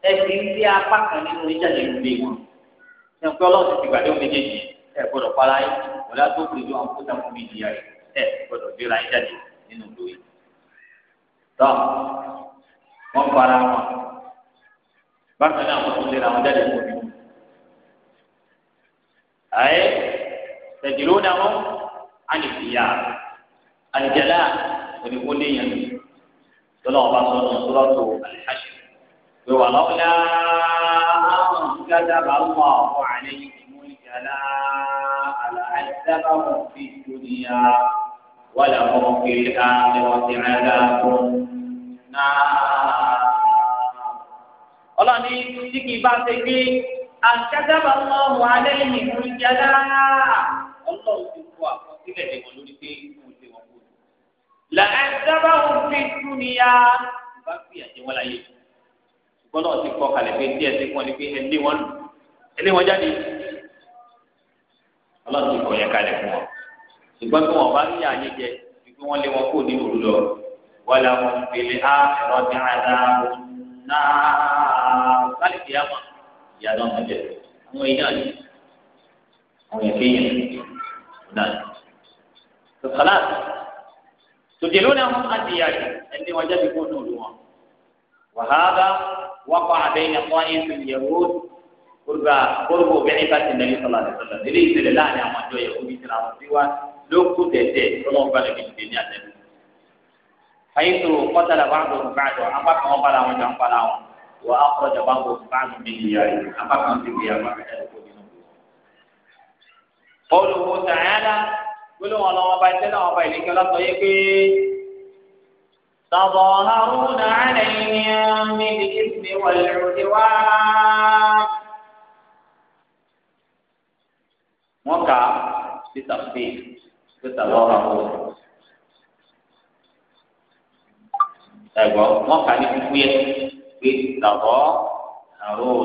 ẹ ti ń gbé apá kan nínú ìjáde ìlú wọn. ẹ ń pẹ́ ọlọ́run ti gbàdé méjèèjì ẹ gbọ́dọ̀ yín wọlé àti òkèjọ àwọn kó sàkó mi ìyá rẹ ẹ gbọ́dọ̀ gbéra ẹ jáde nínú ìlú yìí tọ wọn para wọn bákan náà wọn tún lé àwọn jáde fún mi ayé tẹjìló náà wọn àlìfìyà àlìjẹlá oníwọlé yẹn lọ́nà ọba sọ̀rọ̀ sọ́rọ́tò àlìhàṣẹ pé wà lọ́wọ́ náà àwọn ìgbàdàbà ń wà ọ̀hún àlẹ́ yìí mú ìjàlá. عذبهم في الدنيا ولهم في الآخرة عذاب نار ọlọ́ni tí kì í bá ṣe pé àṣàdábà wọn wà lẹ́yìn ìlú ìjàdá ọlọ́run ti kọ àkọsílẹ̀ lé wọn lórí pé kò lè wọn kó. làṣàdábà wọn fi tú ni ya bá fi àjẹ wọn láyé ṣùgbọ́n náà ti kọ kalẹ̀ pé díẹ̀ sí wọn ni pé ẹ lé wọn lù ẹ lé wọn jáde ọlọ́run ti kọ̀ yẹn kalẹ̀ fún wọn ṣùgbọ́n bí wọn bá rí àyè jẹ ibi wọn lé wọn kó ní òru lọ wàlà wọn fèlè á ẹ̀rọ ti àdá náà láti fi àmọ́ ìyá náà mọ̀ jẹ àwọn èèyàn ni àwọn èèyàn náà tó kàlá tòjèló àwọn àti ìyá ẹni wọn jáde kó ní òru wọn wàhálà wọn kọ àbẹ̀yìn àwọn ẹ̀sìn kórógbà kórógbà obìnrin bá ti nàbí sọlá àti sọlá nílé ìṣẹ̀lẹ̀ láàrin àwọn àjọ yẹn omi ìṣẹ̀lẹ̀ àwọn tiwa ló kú tẹtẹ lọ́wọ́ bá lẹbi ìdè ní àtẹnu. ayé tó kọtàlá wà lọ fún báàdọ apá kan wọn bá làwọn jà ń pa làwọn wọ akọrọjà wà lọ fún báàdọ mi ìyá rẹ apá kan ti gbé apá kan ẹ̀rọ kóbi náà. olùwò tàyàlá gbólóhùn ọlọ́wọ́ bá ìṣẹ́ náà bá ìlẹ́kẹ́ lọ́tọ̀ yẹ pé wọn kà á sí tàfíì sí tàlọ́ra wọn. ẹ̀gbọ́n wọn kà ní fífú yẹ pé tàbọ̀ àrùn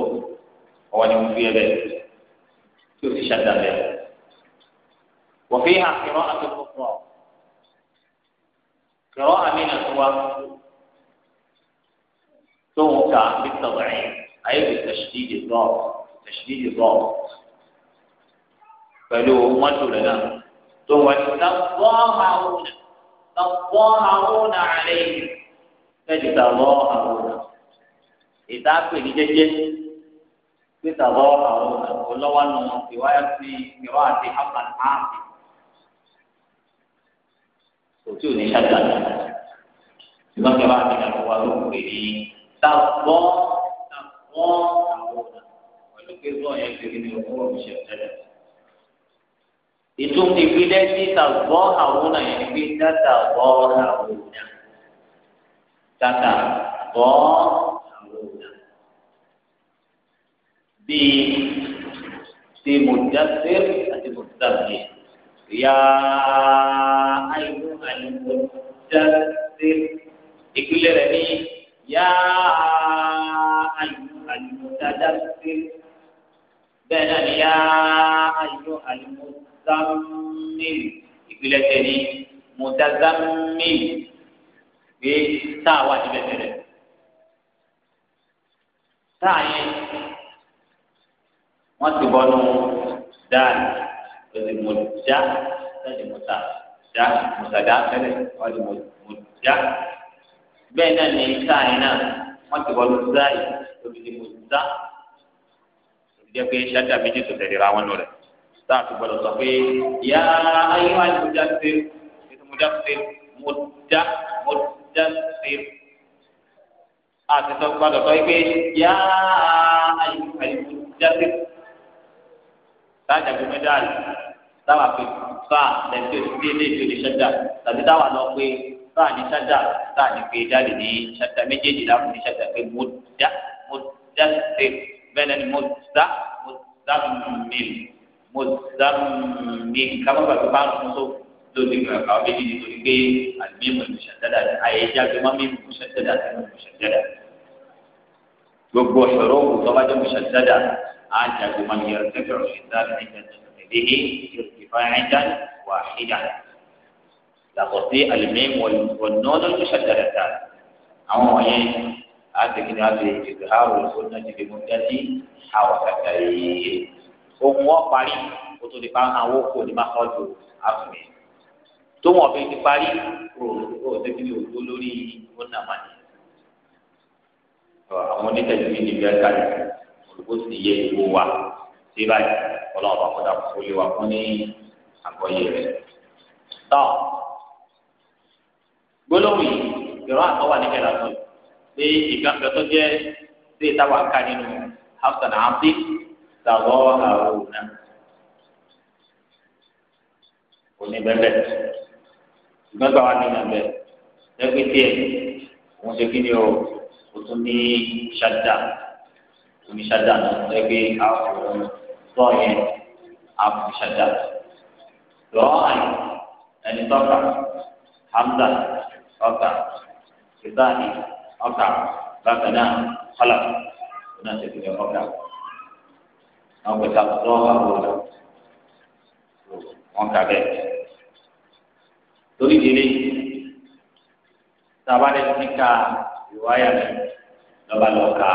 ọwọ́ ni fífú yẹ bẹ́ẹ̀ tí o ti ṣàdá bẹ́ẹ̀. wọ́n fi hàn kí wọ́n á tó fún ọ. قراءة من القوى توقع بالتضعيف أي بالتشديد الضاد تشديد الضاد pẹ̀lú mọ́tò rẹ̀ náà tó wà ní nàbọ́hàwùnà nàbọ́hàwùnà àlẹ́ yìí fẹ́ẹ̀dì tàbọ́hàwùnà ìdáàpè ní jẹ́jẹ́ pé tàbọ́hàwùnà olówó nù ìwáyà sí ìwà àti hapan áàpì òtí òní ṣáàtà ìgbà kẹwàá àti ìyàwó wa ló pè ní tàbọ́hàwùnà pẹ̀lú pé bọ́ọ̀ yẹn ti rí ní ọkọ̀ òṣèlú tẹ́lẹ̀ ìtumọ̀ ìpínlẹ̀ tí tàbọ̀ àwọn náà yẹn ni pé dáta bọ́ àwọn òòyà dáta bọ́ àwọn òòyà bíi ti mùdásẹ́ àti mùdásẹ́ yá àìmú àìmú dásẹ́ ìpínlẹ̀ rẹ̀ ní yá àìmú àìmú dásẹ́ bẹ́ẹ̀ náà ni àìmú àìmú mutazammil ìpìlẹ̀ tẹ̀lé mutazammil pé táà wà níbẹ̀ tẹ̀lẹ̀ táà yẹn wọ́n ti bọ́nu dáàlì lọ́sí mọ̀já lọ́sí mọ̀tà já mọ̀tàdá tẹ́lẹ̀ wọ́n ti mọ̀já bẹ́ẹ̀ náà ní táà yẹn náà wọ́n ti bọ́nu dáàlì lọ́sí mọ̀já lọ́sí jẹ́ pé ṣáàtà méjì tó tẹ̀lé ra wọn lọ rẹ̀ tá a ti gbọdọ̀ sọ pé yá ayé wa ni mo já sí i mo já sí i mo já mo já sí i a ti sọ gbọdọ̀ sọ pé yá ayé wa ni mo já sí i tájà bí mo dá a lè táwa pé fáà lẹ́tọ́ déédéé tó lè ṣẹ́jà tàbí táwa lọ pé fáà ní ṣẹ́jà táà ní pé jáde ní ṣẹ́jà méjèèjì láwọn ní ṣẹ́jà pé mo já mo já sí bẹ́ẹ̀ ni mo já mo já mi mọ̀tàmì kábàbà tó bá ń tún so lórí ìgbà kan bí nínú torí pé àdìmí mọ̀ ìmùsà dáadáa ni àyèjá bí wọ́n mí ìmùsà dáadáa sí ìmùsà dáadáa. gbogbo ọ̀ṣọ́rọ̀ òkú tó bá jẹ́ ìmùsà dáadáa á jago máa yẹ ẹ̀rọ ìdáná ìdáná ìdáná yàtọ̀ sí alimẹ́yìn wọ̀nọ́dọ̀ tó ṣàtàlẹ̀ ta àwọn wọ̀nyẹn àti kìnìún àti ìdìbò àrùn ìfowópamọ́ ti fi mú dájú àwọn kàkà yìí ohun wọn parí o tó lè pa àwọn oko ní máa tọ́jú àfùmí tó wọn fi ti parí o o débi ní òdo lórí onamani àwọn onítẹ̀jú ní ibi ẹ̀ka yìí olùkó sì yẹ ìwò wa sí báyìí ọlọ́run bá kọjá kó lè wà fún ní àgbọ̀yé rẹ̀ tán gbólóhùn yìí ìran àtọ́wà níbẹ̀ lásán pé ìgbàgbọ́ tó jẹ́ sí ìtawà ká nínú hausa náà tàbọ̀ àwòrán oníbẹ̀bẹ̀ ṣùgbọ́n gbà wá nínú ẹ̀bẹ̀ lẹ́gbẹ̀ẹ́ tiẹ̀ òun ṣe kí ni o o tún ní ṣáda omi ṣáda náà lẹ́gbẹ̀ẹ́ àwòrán tọ́ yẹn àbùkù ṣáda lọ́ọ́ àyè ẹni tọ́ka hamza ọ̀ka ìbáàdì ọ̀ka bákan náà kọ́là ọ̀nà ṣèkìlẹ̀ ọ̀ka àwọn kò sàkó tó wà lóla wọn kà bẹ́ẹ̀ torí délé sábà lè ti ka ìwáyà mi lọ́ba lọ ka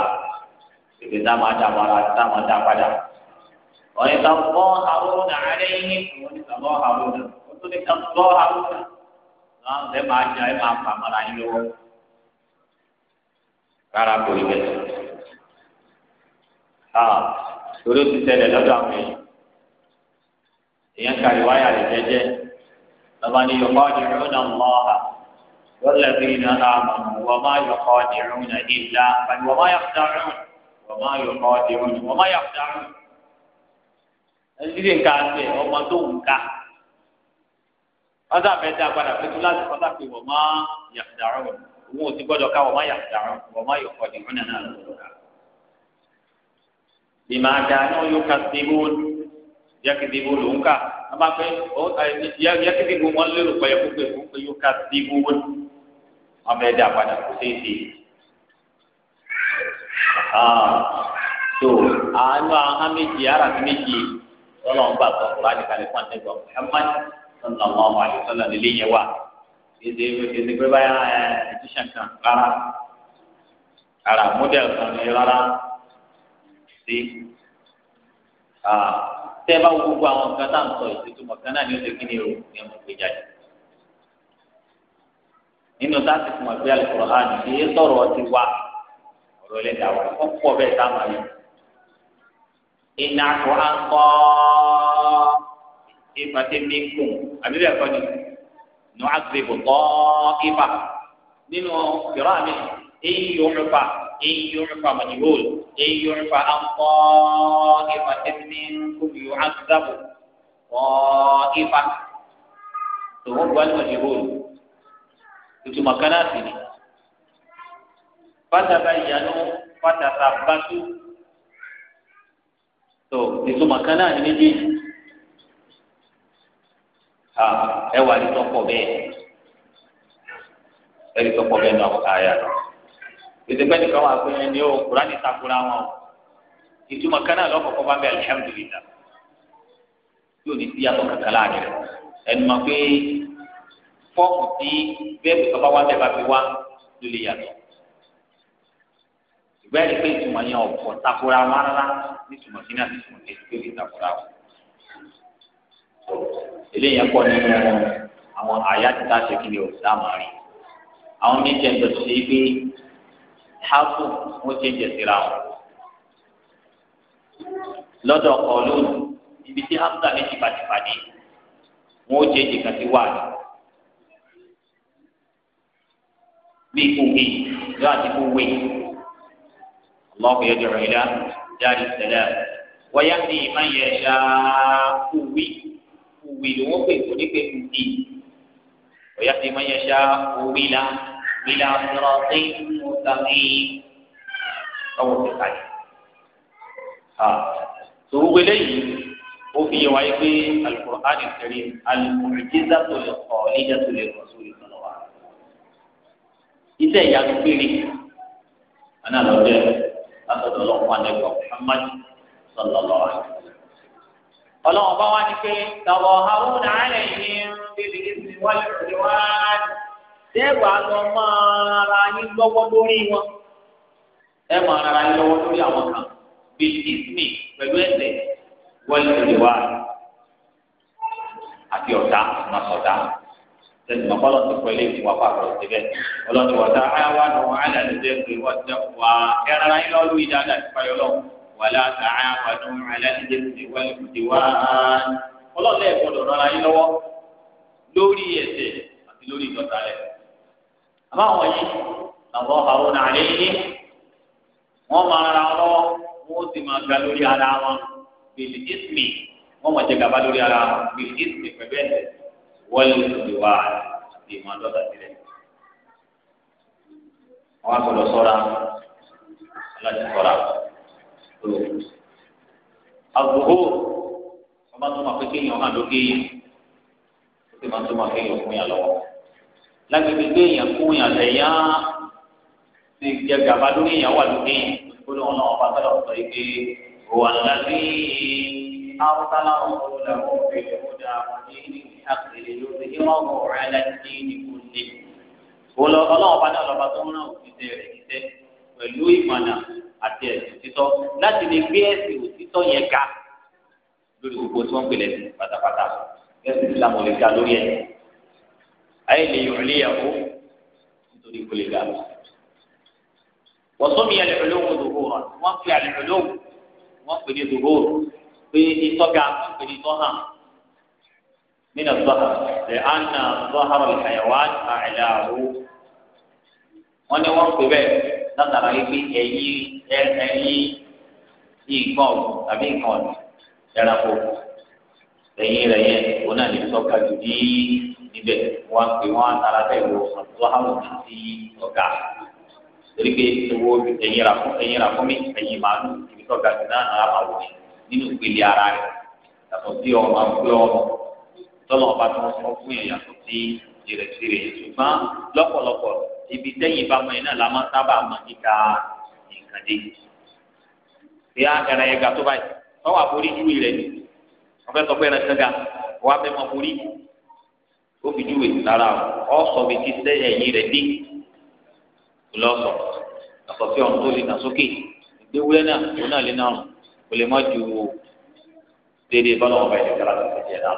èdè táwọn adàmọ́ ara táwọn adá padà wọ́n ní ká fọ́ àwọn àárẹ̀ yín wọ́n ní ká fọ́ àwọn wọ́n tún ní ká fọ́ àwọn náà ẹ máa jà ẹ máa fà mọ́ra yín lọ́wọ́ rárá kò rí bẹ́ẹ̀ torí ó ti ṣẹlẹ̀ lọ́dọ̀ àwọn èèyàn èèyàn kàrí wáyà rẹ̀ jẹ́jẹ́ lọ́ba ní yọkọ́ ọ̀dìrún náà mọ́ ọ́ha والذين آمنوا وما يخادعون إلا بل وما يخدعون وما يخادعون وما يخدعون ẹnìdíje nǹkan àti ọmọ tó ń ka ọjà bẹ́ẹ̀ dá padà pé túláàsì kọta pé wọn máa yàtàrọ òun ò ti gbọ́dọ̀ ká wọn máa yàtàrọ wọn máa yọkọ ìdìbò náà lọ́dọ̀ ká bìmá dáná yóò ká síbó yákìdìbò ló ń kà á máa fẹ́ yákìdìbò wọn lérò pé ẹkú pé ẹkú pé yóò ká síbó wọn bẹ dá padà kó sí èdè. tó àánú ahọ́n méjì aráàlú méjì lọ́nà ń bá sọ kúrò àdìgbàlẹ̀ fún àtẹ̀gbọ́n Muhammad sọ̀nà ọmọ àdìsọ́lá nílé yẹn wà èdè èdè pé báyà ẹ̀ ẹ̀dísàn kan rárá rárá mọ́dẹ̀lì kan ní rárá sí tẹ́ ẹ bá wo gbogbo àwọn nǹkan tá à ń sọ ìtìtúmọ̀ kan náà ní oṣù kìíní o ní ọmọ ìgbé jáde nínú táàtì fún wa bí Al-Qur'an àti yé sọ̀rọ̀ ti wá ọ̀rọ̀ ẹlẹ́dà wa ó pọ̀ bẹ́ẹ̀ tá a máa yẹ. ìnà Al-Qur'an kọ́ ìfà tí mi kùn àbíbí ẹ̀kọ́ ni nù àgbèbò kọ́ ìfà nínú kìrọ́ àmì èyí yóò fẹ́ fà. يعفى مجهول إن يعفى عن طائفة منكم يعذب طائفة تهب المجهول ìtumọ̀ kan náà sì ni fataba ìyanu fatata batu tó ìtumọ̀ kan náà ni méjèèjì ẹ wà ní tọpọ bẹ́ẹ̀ ẹ ìdẹ́gbẹ́ nìkan wà pé ẹni o kúránì takura wọn o ìtumọ̀ kanáà lọ́kọ̀ọ́kọ́ bá bẹ alihamudulila yóò ní sí yàtọ̀ kankan láàrin ẹnu ma pé fọ́ọ̀mù tí bẹ́ẹ̀bù tọ́ba wá bẹ́ẹ̀ bá fi wá ló lè yàtọ̀ ìgbà yẹn pé ìtumọ̀ yẹn ọ̀pọ̀ takura wọn rárá nítumọ̀ kí náà nítumọ̀ tẹ̀ tó lè takura wọn. eléyìí pọ̀ nínú àwọn àyà ti tá ṣe kí ni o hafu wọn ṣe ń jẹ síra wọn lọ́dọ̀ ọkọ lónìí ibi tí hamza méjì bá ti pàdé wọn ó ṣe ìjìká sí wáàdì bí kúwé yóò àti kúwé lọ́kùn yẹn dọ̀rọ̀ ìlà dárí sẹ́lẹ̀ wọ́yá ní ìmọ̀ yẹn ṣá kúwé kúwé ló pè kó ní pé kúwé wọ́yá ní ìmọ̀ yẹn ṣá la. إلى صراط مستقيم أو تقعي ها سوق إليه وفي وعيك القرآن الكريم المعجزة الخالدة للرسول صلى الله عليه وسلم إذا يغفر أنا لو جاء أسد الله عليك محمد صلى الله عليه وسلم قالوا أبوانك تظاهرون عليهم بالإذن والعدوان ṣé wàá lọ máa ra yín lọ́wọ́ lórí wọn ẹ máa ra yín lọ́wọ́ lórí àwọn kan bíi ìsmi pẹ̀lú ẹ̀sẹ̀ wọlé ìwà àti ọ̀tá màsọ̀tá sẹ́ni mọ̀ kọ́lọ́ ti pẹ̀lú ìwà pàtó síbẹ̀ ọlọ́ni wọ̀tá ayáwá nù alẹ́ ẹ̀ pé wọ́n ti wà ẹ rárá yín lọ́wọ́ lórí dáadáa ti fayọ lọ́wọ́ wàlá àtàwọn nù alẹ́ ẹ̀ pé wọ́n ti wà ọlọ́ni ẹ̀ gbọ́dọ̀ rárá yín lọ́wọ́ lórí ẹ̀sẹ̀ àti lórí ìjọta rẹ̀ àbá àwọn yìí làwọn ọ̀hún àlẹ́ yìí wọ́n máa ra ọ wọ́n sì máa ga lórí ara wọn bìlì ìsmi wọ́n máa jẹ gàba lórí ara wọn bìlì ìsmi pẹ̀lú ẹ̀ wọ́lé òde wa àti ìmọ̀ lọ́dà sílẹ̀. wọ́n á sọ́ra aláti sọ́ra tó àgbòho wọ́n máa tún máa pé kéèyàn hàn lókè yìí ó sì máa tún máa kéèyàn fún yàn lọ́wọ́ lágbègbè gbé èèyàn kú èèyàn lẹ́yìn ti jẹ gàba lórí èèyàn wà lórí èèyàn olóhùn náà ọba tọ́lá sọ pé òwà ńlá ní arúgbálá ọ̀hún lẹ́wọ̀n fèrè kódà ní àpèrè lórí ìmọ̀ràn ọ̀rẹ́ aláìsí ìdìbò ní. ọlọ́run ọba náà lọ́ba tó ń rán òṣìṣẹ́ rẹ̀ níṣẹ́ pẹ̀lú ìmọ̀nà àti ẹ̀sìn títọ́ láti lè gbé ẹ̀sìn òtítọ́ yẹn ga lórí gbogbo tí wọ́n gbélé pátápátá ẹ̀sìn ayé lè yọ̀ lé yàgò nítorí kò lè ga. wọ́n sọ́mi yẹn lẹ́yìn olóhùn dòwò rẹ̀ wọ́n fi àlẹ́ olóhùn wọ́n pè ní dòwò pé ìtọ́ga wọ́n pè ní tọ́hàn من الظهر لأن ظهر الحيوان أعلاه wọ́n ní wọ́n pè bẹ́ẹ̀ látara yìí pé ẹ̀yìn ẹ̀yìn nǹkan ọ̀gbìn tàbí nǹkan ọ̀gbìn ẹranko ẹ̀yìn rẹ̀ yẹn òun náà lè sọ́ka jù níbẹ̀ wọ́n á pè wọ́n á tara bẹ́ẹ̀ wọ sọ̀tọ́hàmù sí ọ̀gá torí pé owó ẹ̀yìn rà fún ẹ̀yìn rà fún mi ẹ̀yìn màálù ibi tó ga jù náà nàrà máa wò nínú ìpele ara rẹ̀ yàtọ̀ sí ọmọ àgbẹ̀ ọmọ tọ́lọ̀ ọba tó ń sọ fún yẹn yàtọ̀ sí ìrẹsìrè ṣùgbọ́n lọ́pọ̀lọpọ̀ ibi tẹ́yìn bá mọ̀ yẹn náà la máa sábà mọ̀ níta nǹkan dé bí a ẹ̀rẹ̀ ẹ̀ga tó báyìí tọ́wọ́ àforíjú rẹ̀ ni wọ́n fẹ́ sọ pé ẹ̀rẹ̀ sẹ́ga wọ́n á fẹ́ mọ̀ forí ó fi júwe lára ọ sọ bí ti sẹ ẹ̀yìn rẹ̀ dé lọsọ àkọsí ọ̀run tó lè nà sókè ìgbéwúrẹ́ náà òun náà lè nà ọ̀run kò lè má ju déédéé bá lọ́wọ́ báyìí lọ́jọ́ láti ṣe jẹ́ náà.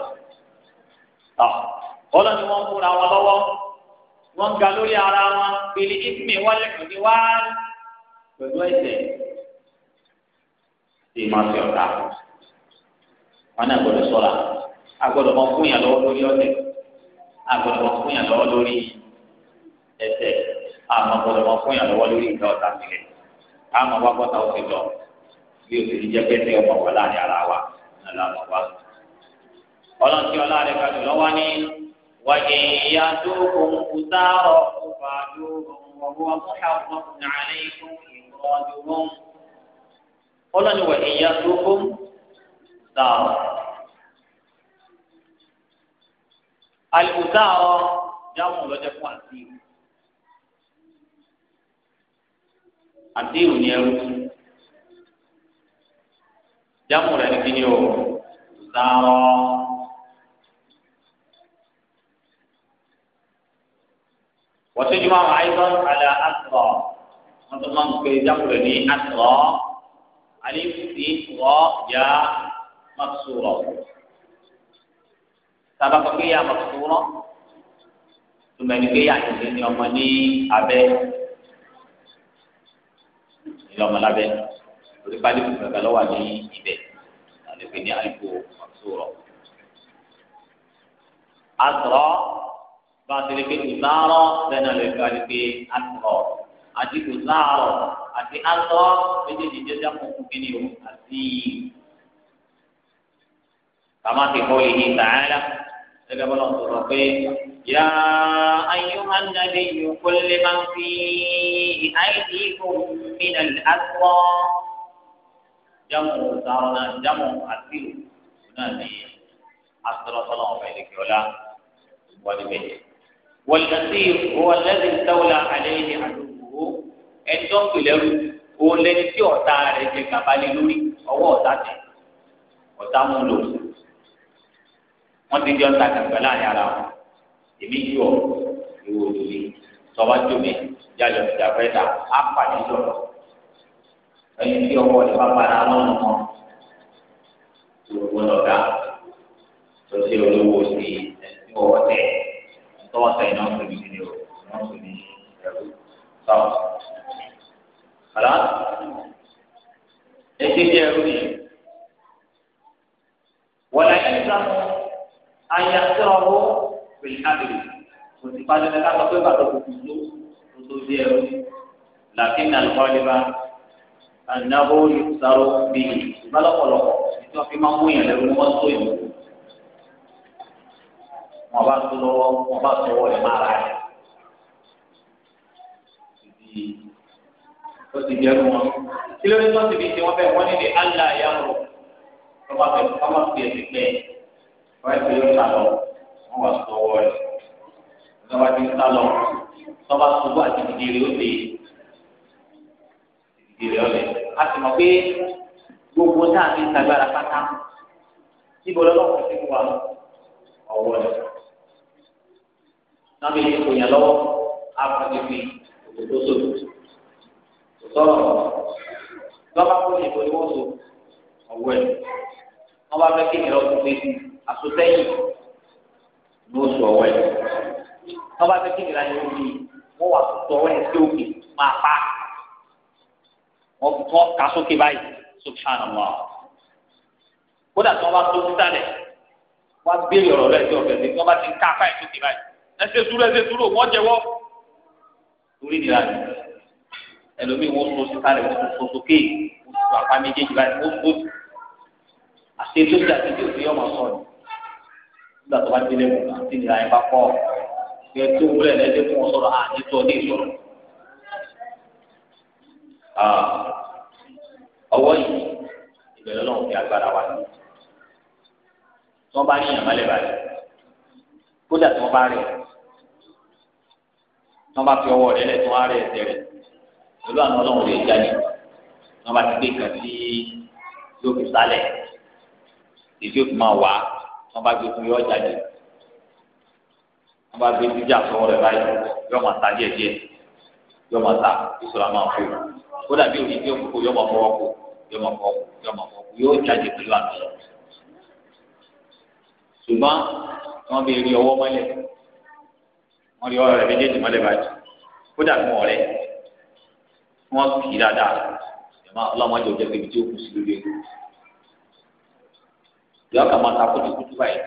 ọlọ́run ni wọ́n ń múra wọn lọ́wọ́ wọ́n ń ga lórí ara wọn pèlè ìfìmì wọlé kò ní wá pẹ̀lú ẹ̀sẹ̀ tí máa fi ọ̀tá wọn náà gbọ́dọ̀ sọ́ra a gbọ́dọ̀ mọ fún yàn lọ́wọ́ lórí ọ̀tẹ̀ àgbọ̀dọ̀ fún yàn lọ́wọ́ lórí ẹsẹ̀ àmọ́ gbọ́dọ̀ mọ fún yàn lọ́wọ́ lórí ìgbà ọ̀tá sílẹ̀ àmọ́ wá bọ́ta ó ti lọ bí o sì ní jẹ́ pé ní ọmọ wà láàrin ara wa náà la mọ̀ wá. ọlọ́run tí ọlá rẹ̀ kájú lọ́wọ́ ní wàjẹ̀ ìyá tó kún kúta ọ̀kú fàájú ọ̀wọ́ mọ́ṣáfọ́n àlẹ́ ikú ìrọ̀jú wọn. ọlọ́run wà ìyá tó kún sáà àlùkùtà ọ jáwọ lọjọ fún àtìrù àtìrù ni ẹrú jáwọ rẹ ní ala o kùtà ọ. وتجمع أيضا على أسرى وتضمن في جمع أسرى ألف إسرى يا مكسورة sábà sọ pé yà mọ̀tòkúrọ́ tùmọ̀ ní pé yà tètè ní ọmọ ní abẹ́ ìlú ọmọ lábẹ́ torí pálífù kankan lọ́wọ́ ní ibẹ̀ àlèpé ní àlèpò mọ̀tòkúrọ́. asọ̀rọ̀ bá a ti rí pé ìzáàrọ̀ bẹ́ẹ̀ náà lè fi àlèpé asọ̀rọ̀ àti ìzáàrọ̀ àti asọ̀rọ̀ méjèèjì jẹ́jẹ́ àkókò kínní o àti kàmáfi kọ́ ìyí tààlà gẹ́gẹ́ bọ́lá ń sọ̀rọ̀ pé yá ayúhà nàbí yòókù lè máa ń fi àìdí ìfún mi nà lásán jámù sáwọn náà jámù àti náà ní asọ́lọ́sọ́lọ́ ọ̀fẹ́ ìdíkẹ́ọ́lá wọlé bẹ́ẹ̀. والأسير هو الذي استولى عليه عدوه ẹni tó ń pèlè rú lẹni tí ọ̀tá rẹ̀ jẹ gàba lórí ọwọ́ ọ̀tá tẹ̀ ọ̀tá mú lò wọ́n ti jọ ta kàgbẹ́ láàrin ara wọn èmi ju ọ ìwò òdòdó sọba jómi jájọ ìjà fẹ́ ta apàdé sọ̀rọ̀ ẹni tí ọwọ́ rẹ̀ bá para lọ́nà kan ìwòwò lọ́dà tó ṣe olówó sí ẹni ọwọ́ tẹ̀ tọ́wọ́ tẹ̀ náà tó ní ìdílé o náà tó ní ẹ̀rù sọ̀rọ̀. Kàlá ẹ̀jẹ̀ bí ẹrú ni wọ́n lẹ́yìn ìgbà wọn ayé àtẹwọ́ pèlú ábìlì kò sì pàdé ní káàtó pé bàtà kò kù tó kò tó di ẹrú làkín nà lọ́kọ́ ní bá ànáwó sáró bíi ìbálòpọ̀lọpọ̀ tí wọ́n fi máa ń mú yàn lẹ́rú wọ́n tó ìlú wọn bá tó lọ́wọ́ wọn bá tó wọlé má ra yẹn ó ti di ẹrú wọn kí ló dé tó ti fi ṣe wọn wọ́n ní ní allah yàrá wọn bá fẹ́ kọ́ máa fi ẹ̀sìn pẹ́ẹ́ wọ́n ti ń sálọ wọ́n wà sọ́wọ́ rẹ̀ lọ́wọ́ ti ń sálọ tọ́ba ṣubú àti ìdílé ó lè ìdílé ó lè a sì mọ̀ pé gbogbo náà ti ń tagbára pátá níbo lọ́wọ́ ti wà ọwọ́ rẹ̀ náà bí ìkòyàn lọ́wọ́ á fọ́n ti fi òtútù sọ̀rọ̀ lọ́wọ́ kó lè borí wọ́n so ọwọ́ ẹ̀ wọ́n bá fẹ́ kéèyàn lọ́wọ́ tó gbé sí i àtúntẹ́yìn ló sọ ọwọ́ ẹ̀ tọ́ba fẹ́ kí nìlànà yóò fi wọ́n wà tó ọwọ́ ẹ̀ sí òkè máa pa wọ́n kà sókè báyìí subhanallah kódà tí wọ́n bá tó sísàlẹ̀ wọ́n á béèrè ọ̀rọ̀ lẹ́sẹ̀ ọ̀fẹ́ sí wọ́n bá ti ń ká apá ẹ̀ sókè báyìí ẹsẹ̀ sùúrù ẹsẹ̀ sùúrù wọ́n jẹ́wọ́ torí nìlànà ẹlòmíì wọ́n tó sísàlẹ̀ wọ́n tó sókè wọ́n tó apá méjèèjì báyìí wọ́n tó àti ètò ìjà nígbà tó bá délé mọ̀ náà tí ìlera yẹn bá pọ̀ yẹ tó wúlẹ̀ lẹ́dẹ́ fún ọ̀sọ̀rọ̀ à nítorí ọdẹ ìsọ̀rọ̀. ọwọ́ yìí ìbẹ̀rẹ̀ náà fi agbára wa ni tí wọ́n bá ní ìyàn mọ́lẹ̀ báyìí kódà tí wọ́n bá rẹ̀ tí wọ́n bá fi ọwọ́ rẹ̀ lẹ̀ tí wọ́n á rẹ̀ ẹ̀sẹ̀ rẹ̀ pẹ̀lú àwọn ọlọ́run lè jáde tí wọ́n bá ti gbé kan sí yóò fi sálẹ̀ èyí yóò fi máa wà á wọn bá gbé fún yọ jáde wọn bá gbé jíjà sọwọ rẹ báyìí yọ máa ta díẹ̀ díẹ̀ yọ máa ta ìṣòro àmà fún un kó dàbí òní tí òkú yọ máa fọwọ́ kó yọ máa fọwọ́ kó yọ máa fọwọ́ kó yóò jáde pẹ̀lú àná ṣùgbọ́n wọn bẹ rí ọwọ́ mọ́lẹ̀ wọn rí ọwọ́ rẹ méjèèjì mọ́lẹ̀ báyìí kó dàbí wọn rẹ wọn kì í dáadáa ìyàmá ọlọmọdé ọjọ́ pé ibi tí ó kù sí lórí ẹgbẹ́ yọ kà máa ta kutukutu báyìí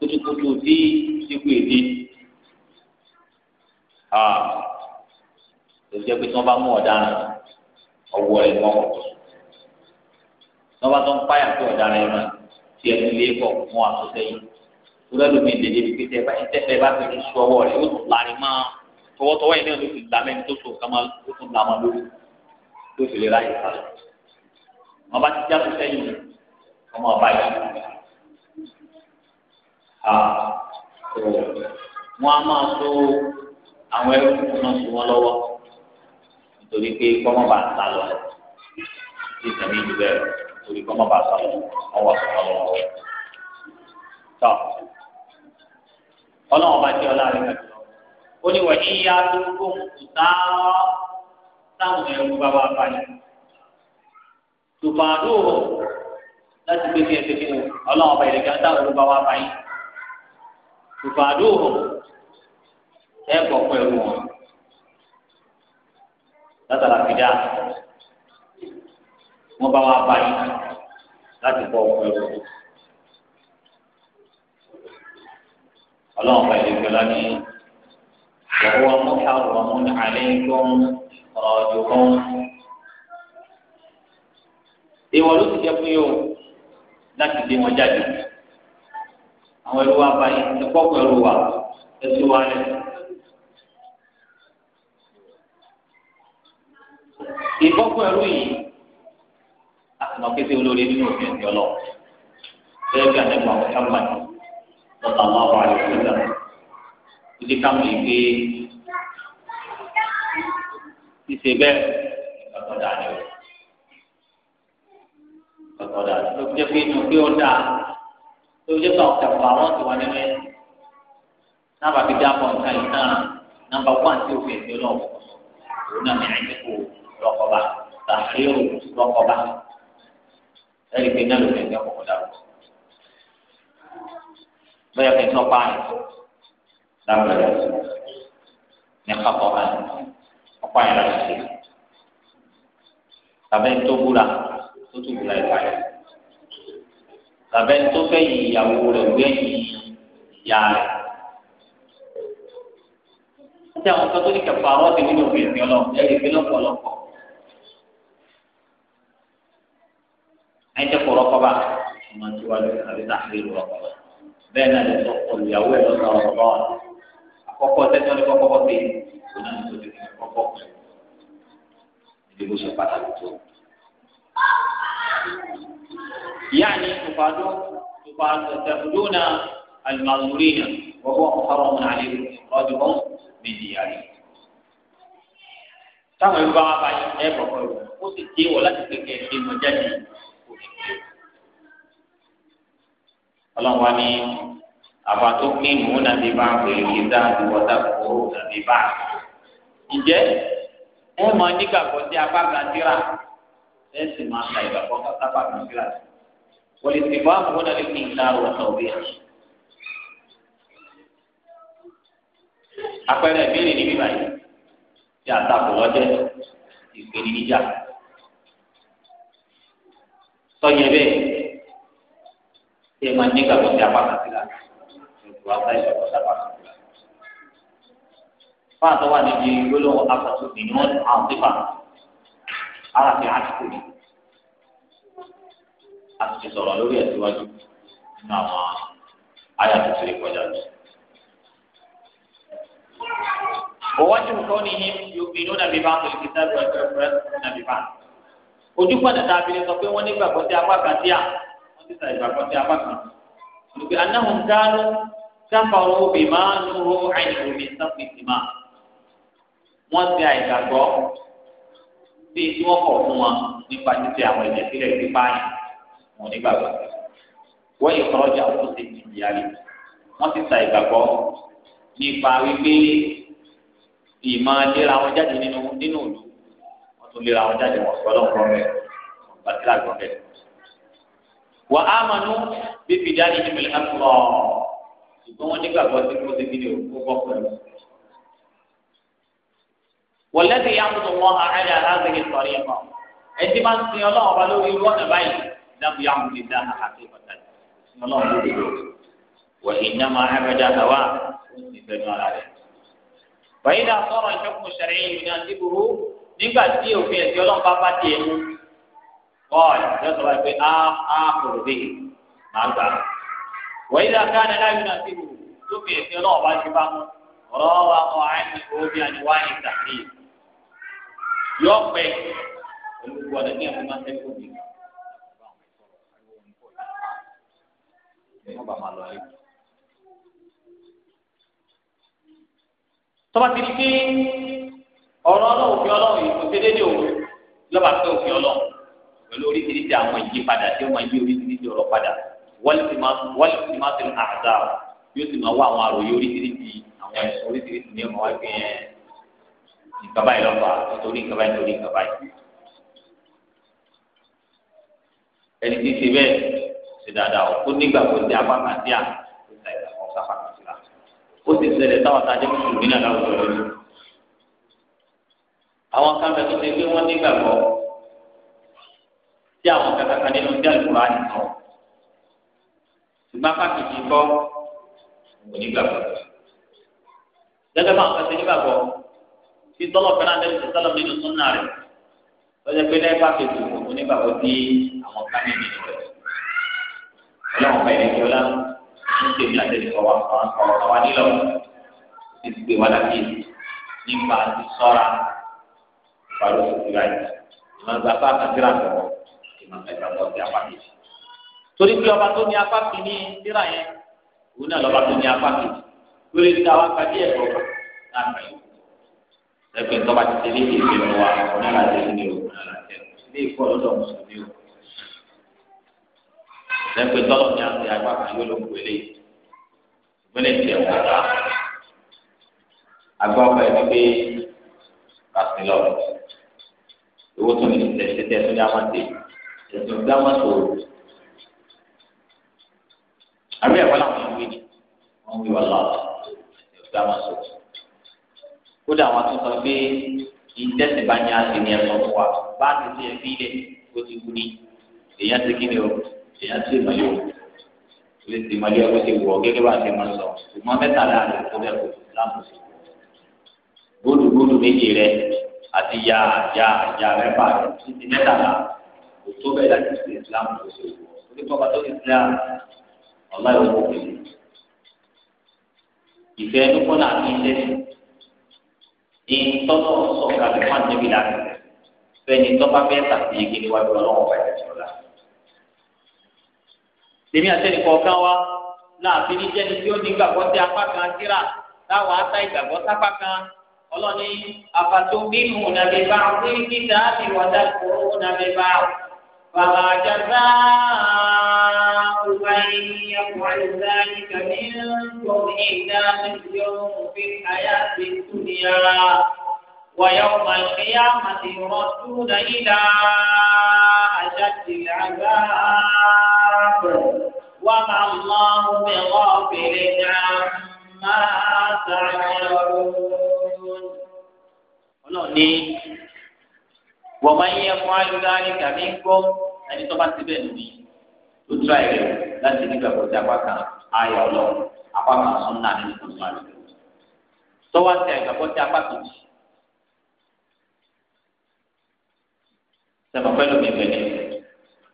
kutukutu tí ikú èdè aa lójú ẹgbẹ́ tí wọ́n bá mú ọ̀daràn ọwọ́ ẹ̀ wọ́n kọ̀ tó tí wọ́n bá tó ń páyà pé ọ̀daràn ẹ̀ máa ti ẹnu lé bọ̀ fún àtúnṣe yìí wúlò lómi ìdèdè fi pété báyìí tẹ́tẹ́ bá fi sọ ọwọ́ rẹ̀ yóò lárí máa tọwọ́tọwọ́ yìí náà ló fi lamẹ́ni tó so kama ó tún lamọ́ lórí ló fi lè ráyè sálẹ̀ wọ́n bá ti já tó sẹ́yìn ọmọ ọba yìí a tó wọn a máa tó àwọn ẹrú wọn máa tó wọn lọ́wọ́ nítorí pé kọ́mọ́ bá ta lọ sí ìtẹ̀mí ìlú bẹ́ẹ̀ torí kọ́mọ́ bá ta lọ ọwọ́ tó wọn lọ́wọ́ tó ọlọ́wọ́n bá jẹ́ ọlọ́rin kan ó ní wọ́n yí ya tó gbóhùn tó táwọn táwọn ẹrú bá wà báyìí tùbàdó láti gbé bí ẹsẹ̀ nínú ọlọ́run ọba ìrẹ̀kẹ́ táwọn olùbá wa bá yín. ìfàdó ẹ kọ̀ pẹ̀lú wọn látara fìdá wọn bá wa bá yín láti kọ̀ pẹ̀lú wọn. ọlọ́run ọba ìrẹ̀kẹ́ lá ní wọ́n mú àrùn àlẹ́ gbọ́n ọ̀dùnkún. ìwọ ló ti jẹ́ fún yóò láti gbé wọn jáde àwọn ẹrú wa báyìí ẹkọ pẹ̀lú wa ẹsùn wa lẹ. ìkọ́kọ́ ẹrú yìí àtúnà kété olórí nínú òfin ẹ̀sìn ọlọ́ bẹ́ẹ̀ bí àtẹ̀kọ́ àwọn sábàá lọ́tà máa wà lórí ìgbà ìdí káwọn lè ṣíṣe bẹ́ẹ̀ ìgbàgbọ́dá rẹ̀ ọ̀dà tó jẹ́ pé inú pé ó dà tó jẹ́ pé ọ̀tẹ̀ fún àwọn ti wà nínú ẹ̀ náà fi dáàbò nǹkan yìí náà nàmbà wá tí òfin ìgbé náà wọ̀ òun náà mìíràn ní kò lọ́kọ̀ọ́ba tàfíìrù lọ́kọ̀ọ́ba ẹ̀rí pé náà lófin ìgbé ọkọ̀ dà bẹ́ẹ̀ fi tọ́ páàyàn lábẹ́rẹ́ ní kápọ̀ ọ̀pá yẹn láti ṣe tàbí tó búra tó tún wù láì láì tàbẹ́ni tó fẹ́ yí ìyàwó rẹ̀ gbẹ́yìn ìyá rẹ̀ níta àwọn kan tó ní kẹfà àwọn ti nínú òfin ìfẹ́ ọlọ́run ẹ̀rí ìfẹ́ lọ́pọ̀lọpọ̀ ẹ̀jẹ̀ kọ̀ rọ́kọ́bà ọmọ tí wàá lóyún àbí tàbí rọ́kọ́bà bẹ́ẹ̀ náà lè sọ olùyàwó ẹ̀ lọ́sọ̀ rọ́kọ́bà wọn tẹ́tọ́ ní kọ́kọ́ bọ́ọ̀tì ìgbóná ní kọ́kọ́ ìdìbò ṣe pàtàkì tó. يعني تفادون المغمورين وهو محرم عليهم إخراجهم من ديارهم táwọn ìlú bá wà báyìí ẹ bọ̀bọ̀ rẹ̀ ó sì dé wọ láti kékeré ṣe mọ jáde ọlọ́wà ni àbá tó pín mú nàbí bá pèrè yìí dá àdúgbòtà kó nàbí bá. ǹjẹ́ ẹ máa nígbàgbọ́ sí apá kan síra ẹ sì máa ka ìgbàgbọ́ kápá kan kíláàsì wọlé ti bá àwọn ọmọdé ní ìlàrọ̀ ọ̀tọ̀ òbí ẹ̀. àpẹẹrẹ ìbéèrè níbí báyìí ti àtakò lọ́jẹ́ ìpèníjà tọ́yẹ bẹ́ẹ̀ tí ẹ máa ní ìgbàgbọ́ sí apá kan kíláàsì ìgbàgbọ́ apá ìgbàgbọ́ sí apá kan kíláàsì. fáàtọ̀ wà níbi gbólóhùn afọ́tò ìníwọ̀n àwọn pípa ara fi àtìkù ni a ti sọ̀rọ̀ lórí ẹ̀síwájú nínú àwọn àyà tó ti rí kọjá lọ. ووجه كونهم يؤمنون ببعض الكتاب ويكفرون ببعض ojú padà tá a fi lè sọ pé wọ́n ní gbàgbọ́ sí apá kan sí à wọ́n ti sàì gbàgbọ́ sí apá kan olùgbé anáhùn dánú sáfàrò bèèmá nùrọ̀ àìníwòmí sáfìsì máa wọ́n ti àìgbàgbọ́ bí tí wọ́n kọ̀ fún wọn nípa títí àwọn ẹ̀jẹ̀ sílẹ̀ pípa yìí wọn nígbàgbọ́. wọ́n yìí kọ́ ọjà wọn ti di ìyáálé wọ́n ti ta ìgbàgbọ́ nípa wípé ìmọ̀ léra wọn jáde nínú nínú òdu wọ́n tún léra wọn jáde wọ́n gbọ́dọ̀ gbọ́ bẹ́ẹ̀ wọ́n gbà sílá gbọ́ bẹ́ẹ̀. wà á mọ̀nú bíbí dání ní mílíọ̀nù lọ ṣùgbọ́n wọ́n nígbàgbọ́ sí kó wọlẹ́dì yàtọ̀ wọn àrẹ́lẹ̀ aláàbẹ̀yẹ sọ̀rọ̀ yẹn kọ́ ẹtí máa ń sin ọlọ́run ọba lórí irú ọ̀nà báyìí dábìí àwọn olè dáná àti ìbàdàn sin ọlọ́run lórí irú wọ ìyàmà ẹ̀rọ̀dà àtàwà fún ìfẹ́nu ara rẹ̀. bàyìí dà sọ̀rọ̀ ìṣọ́kùn ṣẹ̀rẹ̀ yìí ní àti burú nígbà tí òfin ẹ̀sìn ọlọ́run bá bá tiẹ̀ mú bọ́ọ̀lù yóò sọ wáyé pé á á kòrò dé máa yọ pẹ́ pẹ̀lú gbogbo ọ̀dọ́ ní ẹ̀fọ́ máa ń tẹ́kọ̀ọ́ mi. wọ́n bá máa lọ ayé. tọ́ba ti di pé ọ̀rọ̀ ọlọ́run fi ọlọ́run yìí kò ṣe déédéé òun lọ́ba pé òfin ọlọ́run pẹ̀lú oríṣiríṣi àwọn ìyípadà tí wọ́n máa yí oríṣiríṣi ọ̀rọ̀ padà wọ́n ti máa ti àdá yóò sì máa wá àwọn àròyé oríṣiríṣi àwọn oríṣiríṣi ní ọmọ wáyé yẹn ìkàbá yìí lọ́pàá nítorí ìkàbá yìí nítorí ìkàbá yìí. ẹni tí ṣe bẹ́ẹ̀ ṣe dáadáa o kó nígbà tó ṣe apá kan sí à ó ṣe àìsàn kan sápá kan sí la ó sì ṣẹlẹ̀ táwọn tá a jẹ́ mùsùlùmí náà láwùjọ lónìí. àwọn kan bẹ tó ṣe pé wọ́n nígbàgbọ́ tí àwọn kankan kan nínú tí àlùkùrá ti sọ ṣùgbọ́n pàkìtì kọ́ gẹ́gẹ́ bá àwọn kan ṣe nígbàgbọ́ tí tọ́lọ̀ fẹ́ràn lẹ́nu tí tọ́lọ̀ nínú súnà rẹ̀ lọ́jọ́ pé lẹ́ẹ̀fà kejì òun nígbà wo di àwọn kánì nínú rẹ̀ ọlọ́run bẹ̀rẹ̀ kí ọlá ń tèmi àtẹnukọ wa ọ̀rọ̀ wa nílọ ti gbé wa láti nípa ti sọ́ra ìparí oṣù tí ra yìí ìmọ̀ nígbà fún àkàndínlá lọ́wọ́ ìmọ̀ nígbà fún ọ̀sẹ̀ apá kejì torí pé ọba tó ní apá kìíní síra yẹn òun náà lọ́ba tó ní apá kejì lórí ìta wa kájí ẹ̀kọ́ náà kàyọ̀ ẹgbẹ́ tọ́ba ti tẹ̀lé ìdí ìlú wa náírà lé ní o náírà tẹ̀ ilé ìkọ́ lọ́dọ̀ mùsùlùmí o. ẹgbẹ́ tọ́lọ̀ ní àti àgbà kan yóò ló ń wẹlé ìpínlẹ̀ tiẹ̀ wọ̀ ká. àgbà ọkọ̀ ẹni pé kàsí lọ owó tó ní ìtẹ̀sí tẹ̀sí ní amáte ẹ̀sìn ìgbà mọ́tò àbí ẹ̀fọ́ làwọn ìwé ni wọ́n wí wà lọ́wọ́ ẹ̀sìn ìgbà mọ́tò kódà wọn tún sọ pé ìtẹ́sí bá ní àti ní ẹ̀sọ́ fún wa bá a ti ti ẹ̀ fi ilẹ̀ ó ti wú ni èèyàn ti kí ni o èèyàn ti mọ̀ yóò lè ti mọ̀ yóò ti wọ̀ gẹ́gẹ́ bá a ti mọ̀ sọ ṣùgbọ́n mẹ́tàlá rẹ̀ kó bẹ́ẹ̀ kó láàmú sí i gbódùgbódù méjì rẹ àti ya ya ya rẹ bá rẹ títí mẹ́tàlá kò tó bẹ́ẹ̀ láti ṣe Islam tó ṣe wọ̀ orí tọ́ba tó ti Islam ọ̀la ìwọ̀n kò ìfẹ́ ẹnu kọ́ náà ní ilé ìtọ́nà sọ̀rọ̀ àti wọn níbi láti fẹ́ni tọ́ba bẹ́ẹ̀ tàbí igi níwájú ọlọ́wọ́ bá yẹn sọ̀rọ̀ la. Tèmi àtẹnìkọ̀ kan wá láàfin ní jẹ́ni tí ó ní gbàgbọ́ sí apá kan síra táwọn ata ìgbàgbọ́ sápá kan ọlọ́ni àfàtúbímù nàbẹ̀bá orí kíta àti wàdà kúrò nàbẹ̀bá bàbá àjàgbá. من يفعل ذلك منكم إلا يوم في الحياة الدنيا ويوم القيامة يردون إلى أشد العذاب وما الله بغافل عما تعملون ولوني ومن يفعل ذلك منكم أن يعني تبصر بنوي tó tra ẹ̀ láti nígbà kó ti apá kan ayé ọlọ́run apá kan sún náà nínú ìgbà rẹ̀ tọ́wọ́ ti àgbà kó ti apá kejì sẹ́mi pẹ́lú mi bẹ̀rẹ̀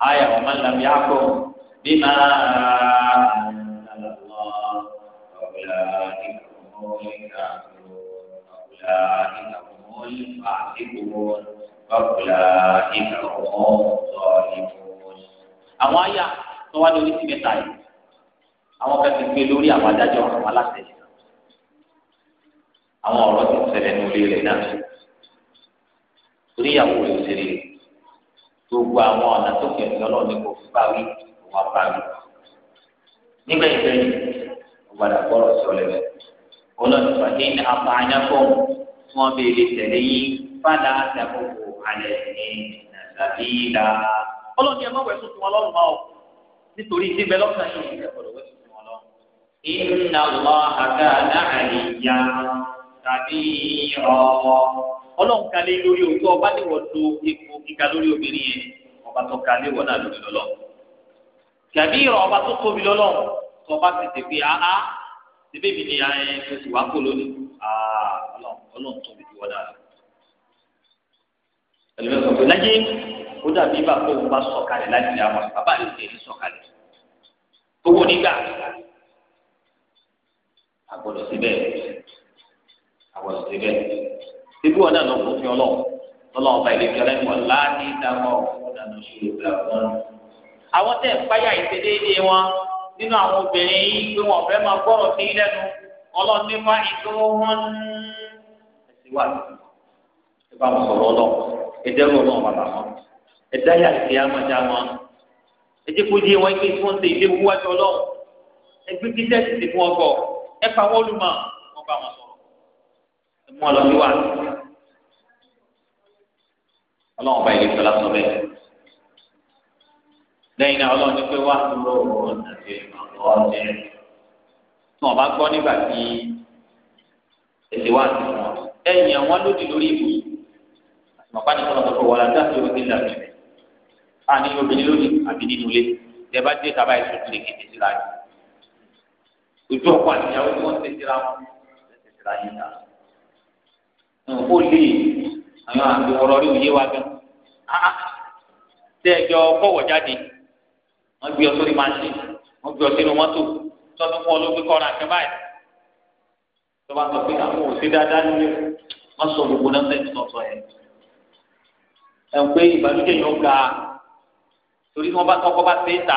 ayé àwọn máa ń lam yá kó bí máa Ọ̀pọ̀lọpọ̀ ìgbà wọn sọ ìmọ̀ wọn. Àwọn àyà tó wá ní oríṣi mẹ́ta yìí àwọn kan ti gbé lórí àwọn adájọ́ àwọn aláṣẹ àwọn ọ̀rọ̀ ti ṣẹlẹ̀ ní orí rẹ̀ náà oníyàwó rẹ̀ ṣe rí gbogbo àwọn ọ̀nà tó kẹ̀kẹ́ ọlọ́ọ̀ni kò fi bá wí wọ́n bá wí nígbà yìí bẹ́ẹ̀ ọ̀gbàdà gbọ́rọ̀ sí ọlẹ́wẹ̀ ọlọ́ọ̀nìfà ní apá anyakọ̀ tí wọ́n béèrè tẹ̀lé yìí fàdà àtàkùn àlẹ́ ní nàìjíríà ọlọ́ọ̀ni ẹ̀ má wẹ̀ tuntun ọlọ́run nítorí tí bẹ́ẹ̀ lọ́kàn yìí ń gbọ́dọ̀ wẹ́sì fún ọ lọ. inna Allaha kana aliyyan kabira. ọlọ́run kalẹ̀ lórí òótọ́ ọba ní wọ́n lo epo kíka lórí obìnrin yẹn ọba tó kalẹ̀ wọ́n náà lórí lọ́lọ́. kabira ọba tó tóbi lọ́lọ́ tọba ti tẹ̀ pé áá mi ni oṣù wa kó lónìí ọlọ́run tóbi ti wọ́n dára. ẹlẹ́mẹ̀sọ̀ ó dàbí bàbá òun bá sọ̀kalẹ̀ láti ilé àwọn bàbá yóò tẹ̀ ní sọ̀kalẹ̀ owó nígbà àgbọ̀dọ̀ síbẹ̀ àgbọ̀dọ̀ síbẹ̀ síbí wọn náà lọ fún fi ọlọ́wọ́ lọ́lọ́wọ́ bá ilé ìjọba ìwọ̀n láti dáwọ́ ọ̀dàdàn ṣòro gbà wọn. àwọn tẹ̀ ń páyà ìṣe wọn nínú àwọn obìnrin yìí pé wọn fẹ́ máa gbọ́rọ̀ sí lẹ́nu ọlọ́ọ̀ni wá wọn ẹ ẹ̀dá yà sí amadá wọn ẹjẹ kó di wọn gbé fún ṣe ilé wíwá jọ lọ ẹgbẹ gíjẹ ti ti fún ọkọ ẹ pa wọn lùmọ wọn bá wọn sọ̀rọ̀ ẹ mú ọlọ wíwá Ọlọ́run bá ilé sọlá sọ bẹ́ẹ̀ lẹ́yìn náà Ọlọ́run ní pé wà lóró ọ̀rọ̀ nàbẹ ọ̀rọ̀ ọjẹ tí wọn bá gbọ́ nígbà tí èsì wà sí wọn ẹ̀yìn àwọn lòdì lórí ibùsùn àti màpá ní sọlá sọ wọn làdá sí orí ìlànà Ani obìnrin lónìí àbí nínú ilé tẹ bá dé kaba ẹsùn tó lè kéde síra yìí ojú ọkọ àtìyàwó ni wọn ti síra wọn ti síra yìí ta ó lè àwọn àti ọ̀rọ̀ rí òye wa gan tẹ ẹjọ kọwọ jáde wọn gbé ọ sórí máṣín wọn gbé ọ sínú mọ́tò tọdún fún ọ kọra kẹ báyìí tó bá sọ pé àwọn ò sí dáadáa nílé wọn sọ gbogbo náà sẹ́yìn sọsọ yẹn ẹ ń pé ìbànújẹ́ yẹn ga torí wọn bá tọkọ bá ṣe é ta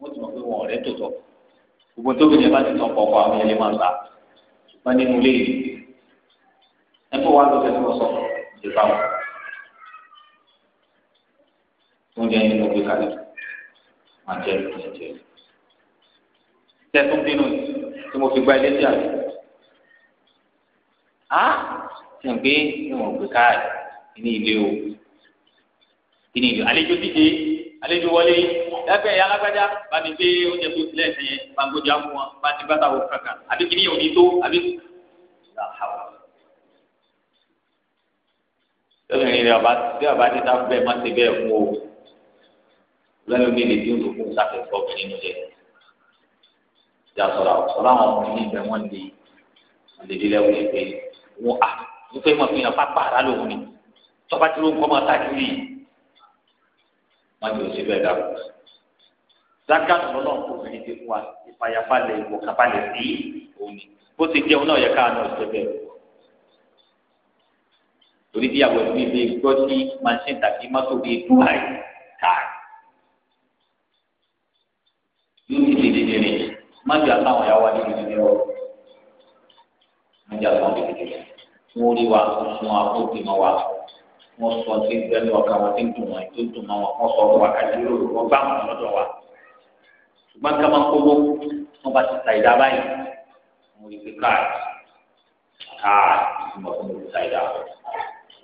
wọn ti mọ pé wọn ọ̀rẹ́ tó tọ gbogbo tóbi yẹn bá ti tọ ọkọ ọkọ àwọn yẹn lè máa gbà wọn nínú ilé yìí ẹ fọ wá lọ sẹsọ sọ ṣe bá wọn oúnjẹ yẹn ló gbé kalẹ̀ máa jẹ ẹ jẹ tẹsán bínú tí mo fi gba ilé tí a lè á tẹ̀ gbé ìwọ̀n gbé káàdì ní ilé o kí ni ìlú àlejò díje àlejò wọlé ẹgbẹ́ ìyá alágbájá bàbí pé oúnjẹ tó tilẹ̀ ẹ̀sẹ̀ yẹn gbàgbọ́dọ̀ àwọn wọn bá ti bàtà wò kankan àbí kí ni yóò ní tó àbí. lọ́sìn rẹ̀ ọba bí ọba ti ta bẹ́ẹ̀ má ti bẹ́ẹ̀ fún o lẹ́nu mi lè dín òdò fún ìsàkẹ́kọ̀ọ́ mi nínú jẹ. ìjà sọ̀rọ̀ sọ̀rọ̀ àwọn ọmọ yìí bẹ́ẹ̀ wọ́n di lèdi lẹ́wọ́ yẹn pé wọ́n a ah, wọ́n fẹ́ mọ̀ fi hàn pápá àrà ni tọ́ba tí ló ń kọ́ mọ́ má jẹ́ òsì bẹ́ẹ̀ dàrú. zaka lọ́nà obìnrin ti fún wa ìfàyàfàlẹ̀ ìwòkàbalẹ̀ sí òní bó ti jẹun náà yẹ káà náà ṣe bẹ́ẹ̀. torí bí àwọn ẹbí ilé gbọ́ sí machine tàbí mọ́tò bíi dubai káà yóò ti di dídìrín má jẹ́ àtàwọn ìyàwó wa níbi dídìrín ọ̀ má jẹ́ àtàwọn ìdílé wọn rí wa fún wa ó ti wa wọ́n sọ ti gbẹ́nu ọ̀ka wọn ti ń dùn wọn tó dùn wọn wọ́n sọ wọn kájí lóru wọ́n bá wọn lọ́dọ̀ wa ṣùgbọ́n ká máa kówó wọ́n bá ti ta ìdá báyìí mo rí pé káàdì káàdì ìgbìmọ̀ fún mi ti ta ìdá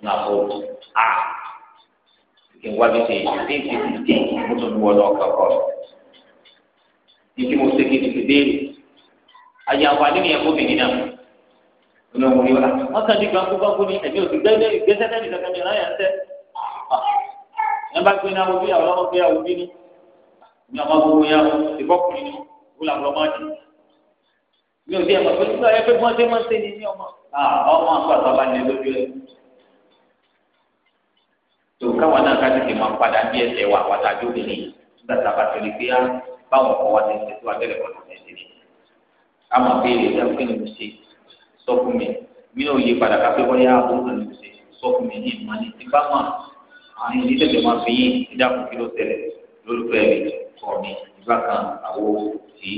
ní àpò a kí n wá bí ṣe ṣe ṣe ti dé mo tún wọ lọ kọ̀ọ̀kọ̀ ní kí mo ṣe kí n ti béèrè àyàwó àdéhùn yẹn kó bìnrin náà olóhùn orí wa wọn kàn ní gbàgbó gbàgbó ní ẹmí òsì gbẹdẹ gbẹsẹ tẹbi kankan ní ọlọyà ń tẹ ẹ bá gbé náà wọbí àwọn ọmọkùnrin àwọn òbí ni ní ọmọ gbogbo ya ìbọkùnrin ni wúlò àbúrò máa dì mí ò dé ẹmọ pé nígbà yẹn pé mọ́té mọ́té ni ní ọmọ ọmọ àgbàdo bá ní lójú ẹ tó káwọn náà ká tètè máa padà bí ẹsẹ wà wàtá jókòó ní gbàtà bàtà ní pé ah, báwọn kọ wá sọ fún mi mi ò yí padà ká pé bóyá àbúrò mi ò ṣe sọ fún mi ní ìmọ̀ ní ti bá mọ̀ àwọn ìdí tẹ̀lé máa fi yín ìdáàbò kí ló tẹ̀lé lólùfẹ́ mi kọ̀ mi ìgbà kan àwo tí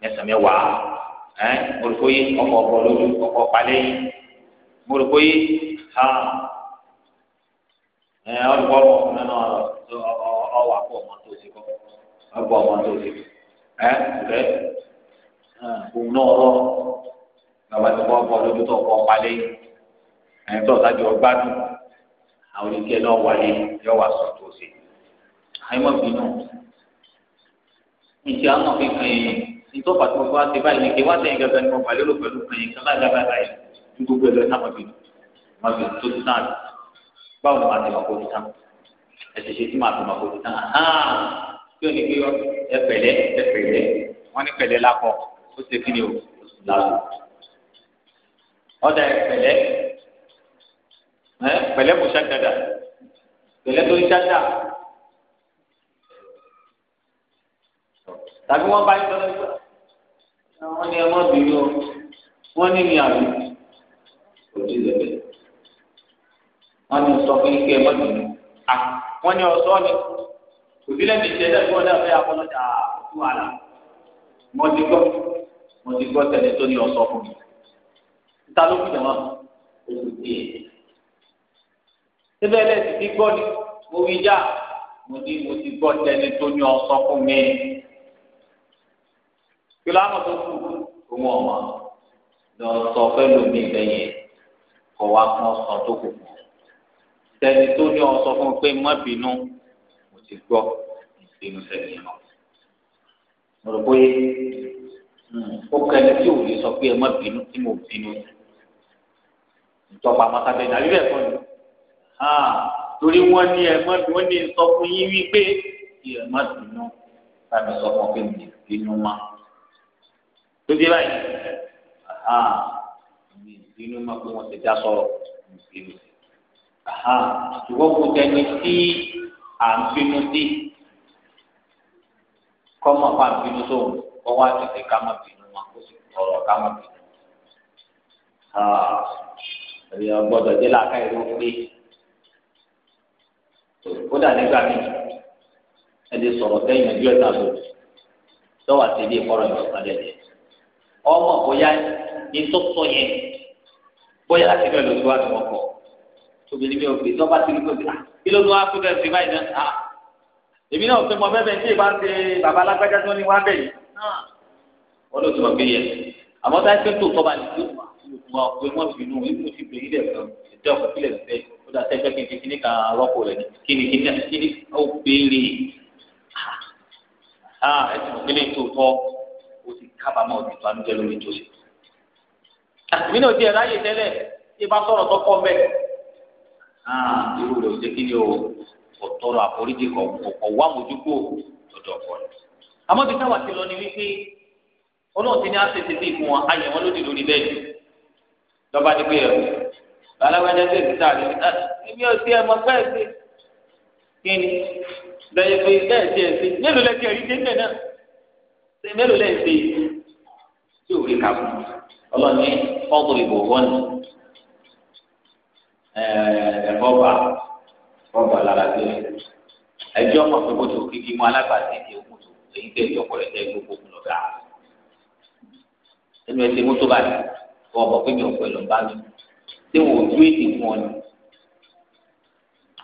mẹ́sàn-án mẹ́wàá ẹ́ mo rò pé ọkọ̀ ọkọ̀ lójú ọkọ̀ palẹ́ yìí mo rò pé ha ẹ ọdún ọmọ ọkùnrin náà ọwọ́ àpò ọmọ tó ti kọ́ ọgbọ ọmọ tó ti ẹ ọ̀rẹ́ òun náà rọ bàbá tó kọ́ ọkọ lójú tó kọ́ palẹ̀ ẹni tó ọ̀sájú ọgbádùn àwọn oníkẹ́ náà wáyé yọ wà sọ tó ṣe àyẹ̀mọ́ bínú ìṣe àwọn fi kàn yín nítorí pàtó gbogbo wa báyìí nìkan wá sẹ́yìn gẹ́gẹ́ ni mo bàlẹ́ ló pẹ̀lú kàn yín kálá gàgà láyé ní gbogbo ẹ̀rọ náà wọ́n fi wọ́n fi tó ti tán báwo ni màá ti màá kó ti tán ẹ̀sẹ̀ ṣe tí màá fi màá kó ti tán kí o ní kí ẹ pẹ̀lẹ́ ẹ pẹ̀lẹ́ wọ́n ní pẹ̀lẹ́ lápọ̀ ó ṣe kí ni o lálọ́ ọ̀dà ìpẹ̀lẹ́ pẹ̀lẹ́ kò ṣàdàdà pẹ̀lẹ́ tó ń ṣàdà tàbí wọ́n bá yín lọ́dọ̀ wọ́n ní ẹmọ́ bìrì o wọ́n ní ní àbí kò tí ì lẹ́bẹ̀ẹ́ sọ fún ike ẹmọ́ bìrì a wọ́n ní ọ̀sọ́ ni kò sí lẹ́bi ìṣẹ́ lẹ́bi wọ́n dàbẹ́ akọ́lọ́jà àkókò àlà mo ti gbọ́ mo ti gbọ́ tẹ̀lé tó ní ọ̀sọ́ fún mi ta ló kú jàmá oṣù tiẹ̀. síbẹ̀ lẹ́sìn ti gbọ́ ni mo wí já mo ní mo ti gbọ́ tẹni tó ní ọsọ fún mi. kí ló á mọ̀ tó kù òun ọ̀mà lọ sọ fẹ́ lómi lẹ́yìn kọ̀ wá fún ọsàn tó kù fún un. tẹni tó ní ọsọ fún mi pé má bínú mo ti gbọ́ ìbínú sẹ́yìn náà. mo rò bóyá hmm, ó kẹ́ni tí ò lè sọ pé ẹ má bínú tí mo bínú yìí ìjọba àmọ́tàbẹ̀ ní àríwẹ̀ ẹ̀kọ́ ni torí wọ́n ní ẹ̀mọ́ tí wọ́n ní sọ fún yín wípé kí ẹ̀mọ́ dùnú láti sọ fún pé mi ìbínú má tó dé báyìí mi ìbínú má pé wọ́n ti já sọ̀rọ̀ mi ìbínú ṣùgbọ́n kò tẹni tí à ń bínú dé kọ́mọ̀ fà kọ́ wá tètè ká má bínú má kó sì tọrọ ká má bínú ẹ̀yìn ọgbọ́dọ̀ jẹ́ làákà ìlú pé kódà nígbà míì ẹ lè sọ̀rọ̀ sẹ́yìn ẹ̀jú ẹ̀ta lò lọ́wọ́ àti ilé ìkọ́rọ̀ ìjọba lẹ́yìn ọmọ bóyá ní tó sọ yẹn bóyá láti bẹ̀rẹ̀ lóṣù wa ni wọ́n kọ̀ obìnrin mi ò gbé tọ́ba ti rí kóbi ah, kí ló ń wá kóbi ẹ̀sìn báyìí náà ah, èmi náà fẹ́ mọ bẹ́ẹ̀ tí ìbá ń bàbá alágbájá tó ní wá bẹ̀ yìí ah. wọ́n ló ti mọ̀ pé yẹ àmọ́ tá a ṣe tó tọ́ba ní tó wà wọn pé wọn fi inú inú ti bèrè ilẹ̀ kan ìjọ kò kílẹ̀ fẹ́ ó dà sẹ́jọ́ kí n fi kíní kan rọ́pò rẹ̀ kíni kíní ó béèrè ah, ah ẹ̀sìn òkèlè tó tọ́ ó ti kábàámọ̀ òtún tó anújẹ́ lórí tó ṣe. àtìmí ah, náà di ẹ̀ráyè tẹ́lẹ̀ tí bá sọ̀rọ̀ tó kọ́ mẹ́. Ah, irú rẹ̀ ò jẹ́ kí ni o kò tọrọ àforíjì kò wá mójúkó lọ́dọ̀ ọ̀pọ̀ rẹ̀. àmọ́ bí táwa ti lọ ni wípé ọlọ́run ti ní àṣetì sí ìfún wọn ayẹ̀ wọn lórí bẹ́ẹ̀ lọ́ba ní pé ẹ̀ alágbájá tó ti sáré ẹ̀mí ah, ò sí ẹ̀mọ́ pẹ́ẹ́ sí kí ni lọ́yẹ̀ pé bẹ́ẹ̀ sí ẹ̀ sí mélòó lẹ́sẹ̀ rí dé mẹ́ náà ṣe mélòó lẹ́sẹ̀ tí ò rí kà fún ọlọ́ni ọ̀gbọ̀n ìbò wọn ẹ̀fọ́ bá ọ̀gbà lára tó yẹ ẹjọ́ mọ̀ pé bóṣù kíkí mú alábàáṣe ti o mọ́tò èyí tẹ̀ ẹjọ́ pọ̀ lẹ́sẹ̀ gbogbo ọ̀gá ẹnu ẹsẹ̀ mọ́tò báyìí wọ́n mọ̀ pé mi ò pẹ̀lú bá mi tí wò ó dúró èdè fún ọ ni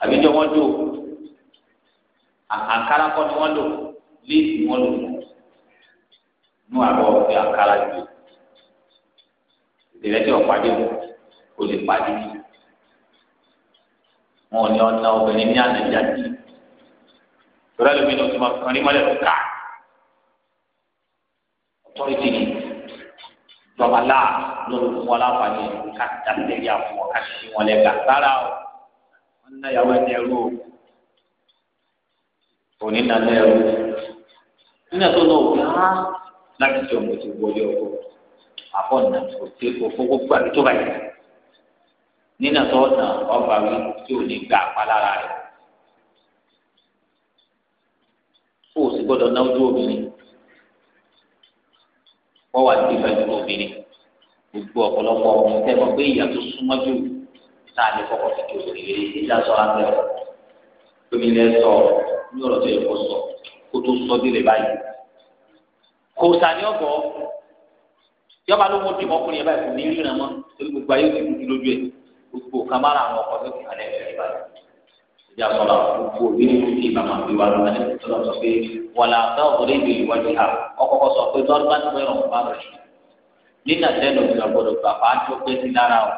àbíjọ wọn lò àkàrà kọ́ ni wọ́n lò léèdì wọn lò nù àbọ̀ ọ̀fẹ́ àkàrà jù ìrẹsì ọ̀pàdé mu kò lè pàdé wọn ò ní ọ̀nà obìnrin ní ànájà jì lọ́dọ̀ lómi ní o ti máa kàn ní mọ́lẹ̀ lọ́ta ọ̀tọ́rìtì ni jọba láà lórí fún wọn láǹfààní ká dàtẹ́rì àfọwọ́ ká ṣe wọn lẹ́gbà rárá o wọn ní ìyàwó ẹni ẹrú o òní nàní ẹrú nínú tó náà wọ́n á láti jọ mo ti wọlé ọkọ àbọ̀ nà òtí òfófó gbàgbé tó báyìí nínú tó nà ọba wí tí ò ní gbà palára rẹ̀ o sì gbọ́dọ̀ náwó tó obìnrin wọ́n wà ní ìfẹ́ obìnrin gbogbo ọ̀pọ̀lọpọ̀ ọkùnrin tẹ́ mọ̀ pé ìyá tó súnmọ́ jù náà ní kọ́kọ́ ti tó lè ìjà sọ abẹ́ ọ̀ tóbi lẹ́ sọ ní ọ̀rọ̀ tó yẹ kó sọ kó tó sọ délé báyìí kò sàní ọ̀gọ́ yọba ló mú di ọkùnrin yẹn báyìí kò ní ríran mọ́ torí gbogbo ayé ti dúdú lójú ẹ̀ gbogbo kàmáàrà àwọn ọkọ̀ tó kù ìjà sọ̀rọ̀ gbogbo òbí nínú ti bàmà bí wà lọ́wọ́ ní ìtura sọ pé wàlà àbẹ́ ọ̀rẹ́ ìlú ìwádìí ha ọkọ̀kọ̀ sọ pé lọ́dún tó ẹ̀rọ bá rẹ̀ nínà tẹ́lẹ̀ òbí ọgbọ́dọ̀ bàbá tó pé sí lára o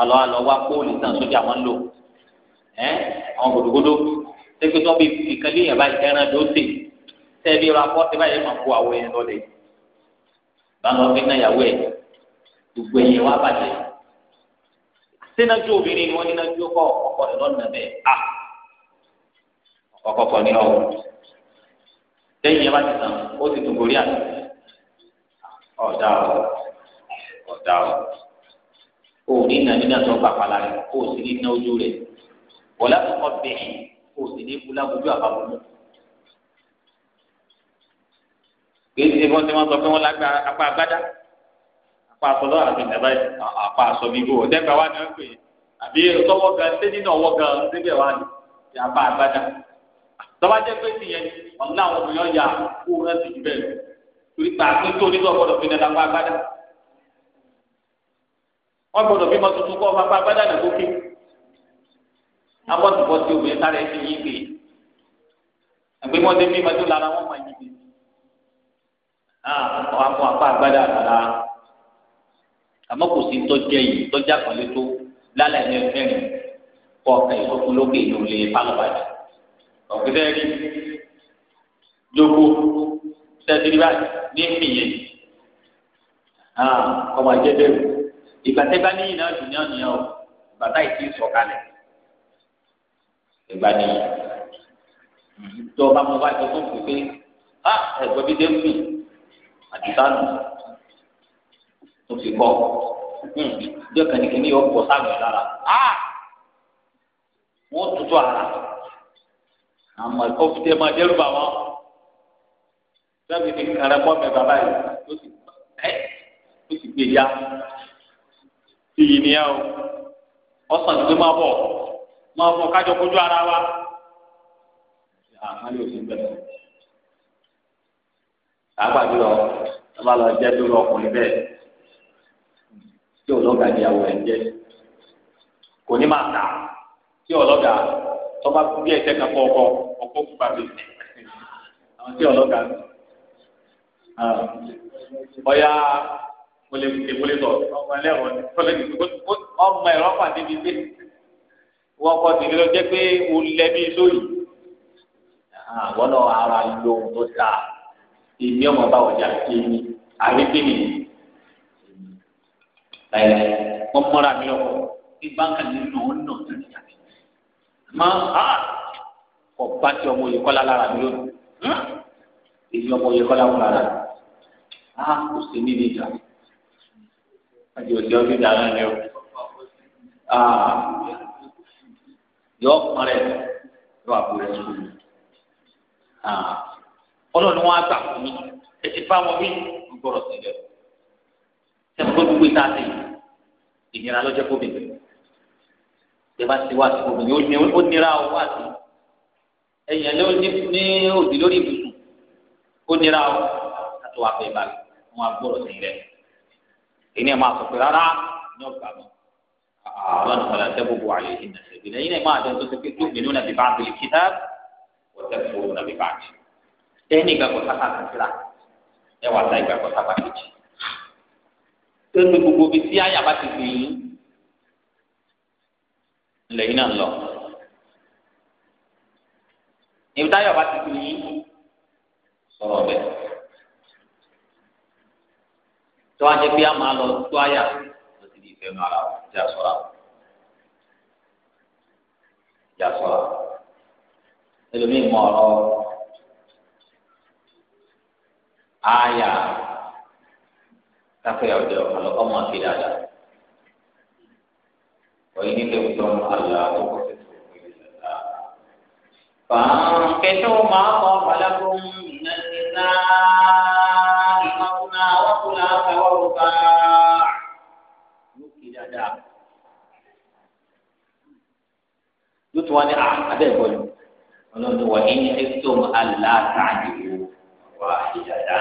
alọ́ alọ́ wá kóòlì tán sójà wọn lò ẹ́ àwọn gbòdògbòdò tẹ́gbẹ́ tó bí ìkànnì yẹn báyìí ẹran tó tè tẹ́bí ra fọ́ọ̀tì báyìí máa kó àwọ̀ yẹn lọ́lẹ̀ bá lọ fi náyàwó ẹ̀ gbogbo ẹ̀yẹ wá bàjẹ́ sínájú obìnrin ni wọ́n nínájú kọ́ ọkọ rẹ̀ lọ́nà bẹ́ẹ̀ à ọkọ̀ kọ̀ ní ọ̀hún lẹ́yìn yẹn bá ti tàn ó ti tún gorí àná ọ̀dà ọ̀ ọ̀dà ọ̀ kò ní nà nínà tó pàpà la rẹ̀ kò sì ní nà ojú rẹ̀ wọ̀lá tó kọ́ bẹ́ẹ̀ kò sì ní kú lábójú àbábọ̀ mọ́. kì í ṣe bọ́n tí wọ́n sọ pé wọ́n lágbá apá agbádá apá akọlọ àti ìjàmbá apá aṣọ mi bò ọdẹgbà wa ni wọn pè àbí tọwọ gan ṣé nínú gan síbẹ̀ wa ni ti apá agbada tọba jẹ pé tìyẹn ọ̀n náà wọn yọ ya kó wọn ti jù bẹ́ẹ̀ torí pa àti tó nígbà gbọdọ̀ fi dandan apá agbada wọn gbọdọ̀ fi mọ tuntun kọ apá agbada nà kókè abọ́tùbọ́ tí obìnrin sáré ti yí pé àgbẹ̀ wọn dé bí mọ́tò lára wọn mọ̀ yí pé ọ̀hún àpò àgbada lára àmọ́ kò sí tọ́jẹ́ yìí tọ́jà pẹ̀lú tó lálẹ́ ní ẹgbẹ́rin kọ́ ọ̀kẹ́ ìtọ́kùn lókè ní olè pálọ̀bàdì ọ̀gbẹ́dẹ́ rí lóko sẹ́dírí báyìí ní mìíye ọmọ ìjẹ́bẹ̀ rẹ̀ ìgbà tẹ́ bá níyìn náà dùn ní ọ̀ ìgbà táyì tí ń sọ̀kalẹ̀ ìgbà níyì tó ọba mo wá ìtọ́kùn pé ah, ẹ̀gbọ́n mi dé àdìsánù. o ti kọ́ hmm. ìjọ kànìkìnì yóò pọ̀ sáàmì lára ah! wọ́n tutù ara àmọ́ ọ̀fìtẹ́ máa dẹ́rù bà wọ́n sábì ní kàrẹ́ mọ́mí bàbá yìí ó sì ẹ́ ó sì gbé ya iyì o ọ̀sán máa bọ̀ máa bọ̀ kájọ kojú ara wa àmọ́ yóò lọ jẹ́ tí ọlọ́gà ìyàwó ẹ̀ ń jẹ́ kò ní máa tà tí ọlọ́gà tọ́ba bí ẹ̀sẹ̀ kan kọ́ ọkọ ọkọ kú pàtó àwọn tí ọlọ́gà ọ̀yà mọ̀lẹ́kùnlé tọ̀ ọmọ ẹlẹ́rọ ọmọ ẹ̀rọ pàdé mi gbé wọ́n kọ́ tìlẹ́ lọ jẹ́ pé o lẹ́bí lóyún àwọn náà ara lo ohun tó dáa èmi ọmọ bá ọjà kéènì àríkèmí láyé wọ́n mọ́ra mi lọ́wọ́ bí báńkà ní nà ó nà tẹ̀lé tàbí. máa ha kọ̀ bá ti ọmọ yìí kọ́lá lára mi lónìí èyí ọmọ yìí kọ́lá wọn lára a kò sí ní níjà àti òjò ọdún dáná ni ó yọ ọkàn rẹ yọ àbúrò ẹ sùn ọlọ́run wọn á gbà fún mi ẹ ti fáwọn mi gbọ́dọ̀ sílẹ̀ sẹ́fọ́ gbogbo ìta sí ìnira lọ́jọ́ kó bìbẹ̀. Ìjọba ti wá sí gbogbo ní ó nira o wá sí. Ẹ̀yàn ló ní òdì lórí ibùsùn. Ó nira o. Àtò àpè ìbàlẹ̀ wọn agbọ́rọ̀ sí rẹ̀. Ìní ẹ̀ máa sọ pé rárá ní ọ̀gá mi. Àwọn ọ̀nà tẹ́ gbogbo àyè yìí nà sẹ́bi. Ẹ̀yin ẹ̀ máa dán tó ṣe pé tó gbìnú nàbí bá àgbèlè kíta wọ́tẹ́ fún nàbí bá àgbè. Ẹni ìgbàgbọ́ sápá Ẹ tẹnu gbogbo bíi tí àyà bá ti gbè yín lẹ́yìn náà lọ ibi táyà bá ti gbè yín sọ̀rọ̀ bẹ tó a jẹ pé a máa lọ tó àyà lọ sí ibi ìfẹ́ nu ara o jà ṣọ́ra jà ṣọ́ra ẹlòmíì mọ ọ̀rọ̀ àyà káfíà ọjọ ọmọ ọmọ akédàdà ọyìn nílé ọjọ ọmọ àlọ àkókò tẹsán ìlànà. فانكحوا ما طاب لكم من النساء مثنى وثلاث ورباع نكدا yóò tún wá ní àbẹ̀bọ̀ yìí ọlọ́run wà ní ẹ̀sùn aláàtàjù wà ìyàdá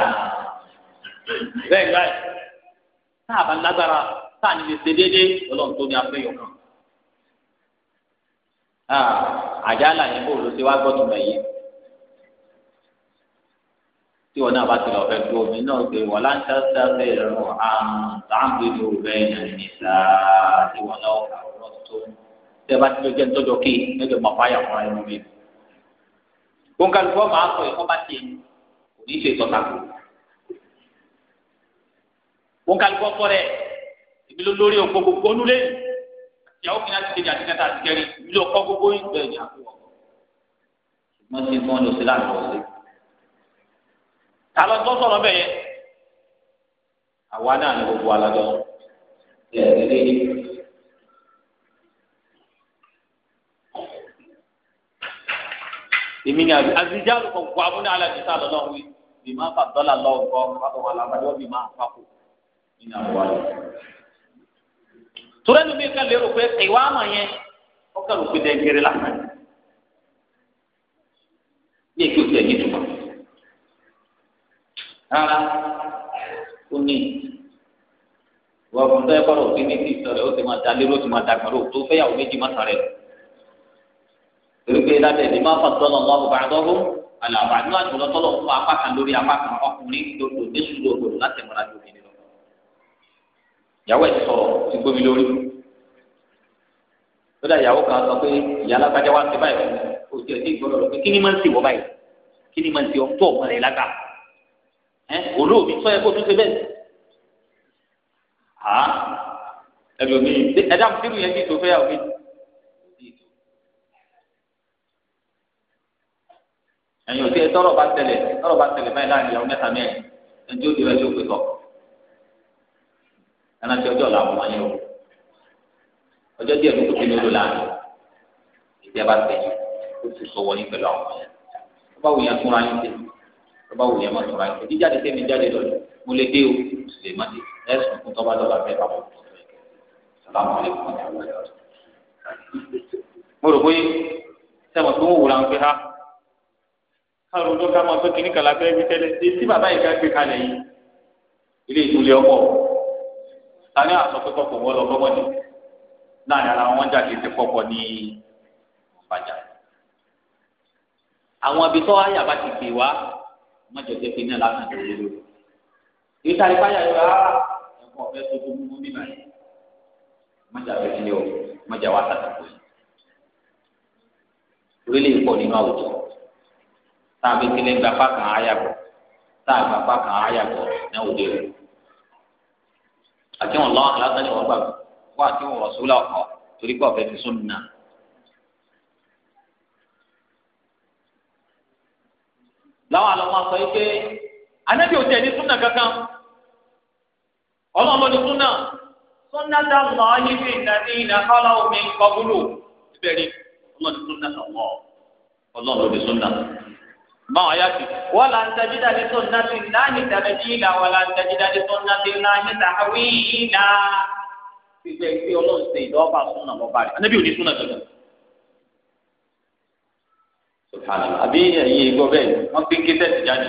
bẹ́ẹ̀ báyìí tá a bá lágbára tá a ní lè ṣe déédéé ọlọ́run tó ní afẹ́yọ̀ kan. àjálà yẹn bó ló ṣe wá gbọ́dọ̀ mọ̀ yìí tí wọn náà bá ti lọ fẹ́ gbọ́ mi náà pé wọ́n láǹtà sáfẹ́ ẹ̀rọ àrùn tàǹgbìlì òbẹ́ ìyànnì sáà wọn náà kàwọ́ tó tẹ́ bá ti jẹ́ ńtọ́jọ́ kí ẹgbẹ́ mọ̀ fáyà fún ẹ̀rọ mi. kóńkàlùfọ́ máa sọ ẹ̀kọ́ kò ní í ṣe ìtọ́ta kù wọn kàlí kọkọ rẹ ibi ló lórí òkò gbogbo onúlé ìyàwó kìnnà ti kejì àti kẹta àti kẹrin ibi ló kọ gbogbo ìgbẹ ìyà kó wọn. wọn ti fún ọ lọ sí láàrin ọ̀sẹ̀. kálọ tó sọ̀rọ̀ bẹ́ẹ̀ yẹn àwa náà ní gbogbo alájọ èmi ni azijalu kò kó abúlé alẹ́ nísàlọ́ lọ́wọ́ bí má fà dọ́là lọ́wọ́ kọ́ wàá tó wà lábàjọ́ bí má fà kó nínú àwọn àlọ́. torí ẹni mi kan lérò pé ìwà àmọ̀ yẹn ó kẹ́rù pé dẹ́gẹ́rẹ́ lásán ní èkó tẹ̀ ní ìtumọ̀ rárá ó ní ìwà ọkùnrin tó yẹ kọ́ lọ́wọ́ kí ní ti sọ̀rọ̀ ó ti máa da lérò ó ti máa da gbọ́dọ̀ tó fẹ́yàwó méjì má sàrẹ̀ torí pé lábẹ́ máa fà tọ́lọ̀ lọ́wọ́ bàbá àdọ́gún àlàbà ní àjùlọ tọ́lọ̀ fún apá kan lórí apá kan ọkùnrin ìyàwó ẹ̀ ti sọ̀rọ̀ ti gbómi lórí lọ́dà ìyàwó kan sọ pé ìyá alágbájá wa ti báyìí fún ojú ẹ̀ ti gbọ́dọ̀ lọ pé kí ni máa ń ti wọ́ báyìí kí ni máa ń ti ọ́ ọmọ rẹ̀ lágbà ẹ́ olóòbí sọ ẹ kó tún ṣe bẹ́ẹ̀ ha ẹbí omi ẹdá mùsùlùmí yẹn ti tó fẹ́ yàwó mi. ẹ̀yin ò tí ẹ tọrọ bá tẹlẹ tọrọ bá tẹlẹ báyìí láàrin ìyàwó mẹ́ta mẹ́rin ẹni tí ó ti rẹ tí ó pè tọ́ ẹnà tí ọjọ́ làwọn wọn yẹ o ọjọ́ díẹ̀ ló kó tẹ̀lé olú làánú ìjẹba tẹ̀yìn ó ti sọ wọlé pẹ̀lú àwọn ọmọ yẹn tó bá wù yẹn fúnra yín tẹ̀ tó bá wù yẹn má fúnra yín tẹ̀ jíjáde tẹ̀mí jáde lọ́dọ̀ mo lè dé o mo sì lè má dé ẹ̀sùn fún tọ́ba dọ́ba fẹ́ bá wọn tó fẹ́ sàlámù alẹ́kùn ọ̀dà wọn. mo rò bóyá sẹ́wọ̀n tó ń tani àsọ pé kọkọ wọn lọ lọ́wọ́ ni láàrin ara wọn jáde ti kọkọ ní ìfàjà àwọn ibi tó wáyà bá ti gbé wá wọn jọ jẹ pé náà lásán tó lé lórí ìta ìfàjà yóò rà ẹ̀kọ́ ọ̀fẹ́ tó tó mú bí báyìí mọjà bẹ sílẹ̀ o mọjà wà sàtàkùn yìí orílẹ̀ ìpọ̀ nínú àwùjọ tá a bẹ gba pákàn áyà bọ̀ tá gba pákàn áyà bọ̀ náà ò dé rẹ̀ àti wọn lọ́wọ́ aláṣẹ ni wọ́n gbà wọ́n àti wọn rọ̀ṣúlà ọkọ̀ torí pé ọ̀fẹ́ fi sún nà. láwọn àlọ́ máa sọ yìí pé anábì ò tẹ̀ ní súnà kankan ọlọ́mọ ní súnà súnà tá a mọ̀ ọ́ níbi ìnáni ìnáfàlà omi kọ́búlù ìbẹ̀rẹ̀ ọlọ́ọ̀ni súnà ọ̀wọ́ ọlọ́ọ̀ni súnà báwọn ayá ti wọ́n là ń tají dáadé tó ná sí láàyè tàbí ìlà wọ́n là ń tají dáadé tó ná sí láàyè tàbí ìlà. gbígbẹ́ ìgbé ọlọ́run ṣe ìdọ́ọ̀bà súnà lọ́ba rẹ̀ anábì òní súnà gbẹ̀gbẹ̀. àbí ẹ̀yin ìgbọ́ bẹ́ẹ̀ wọ́n gbé kéṣẹ́ ti jáde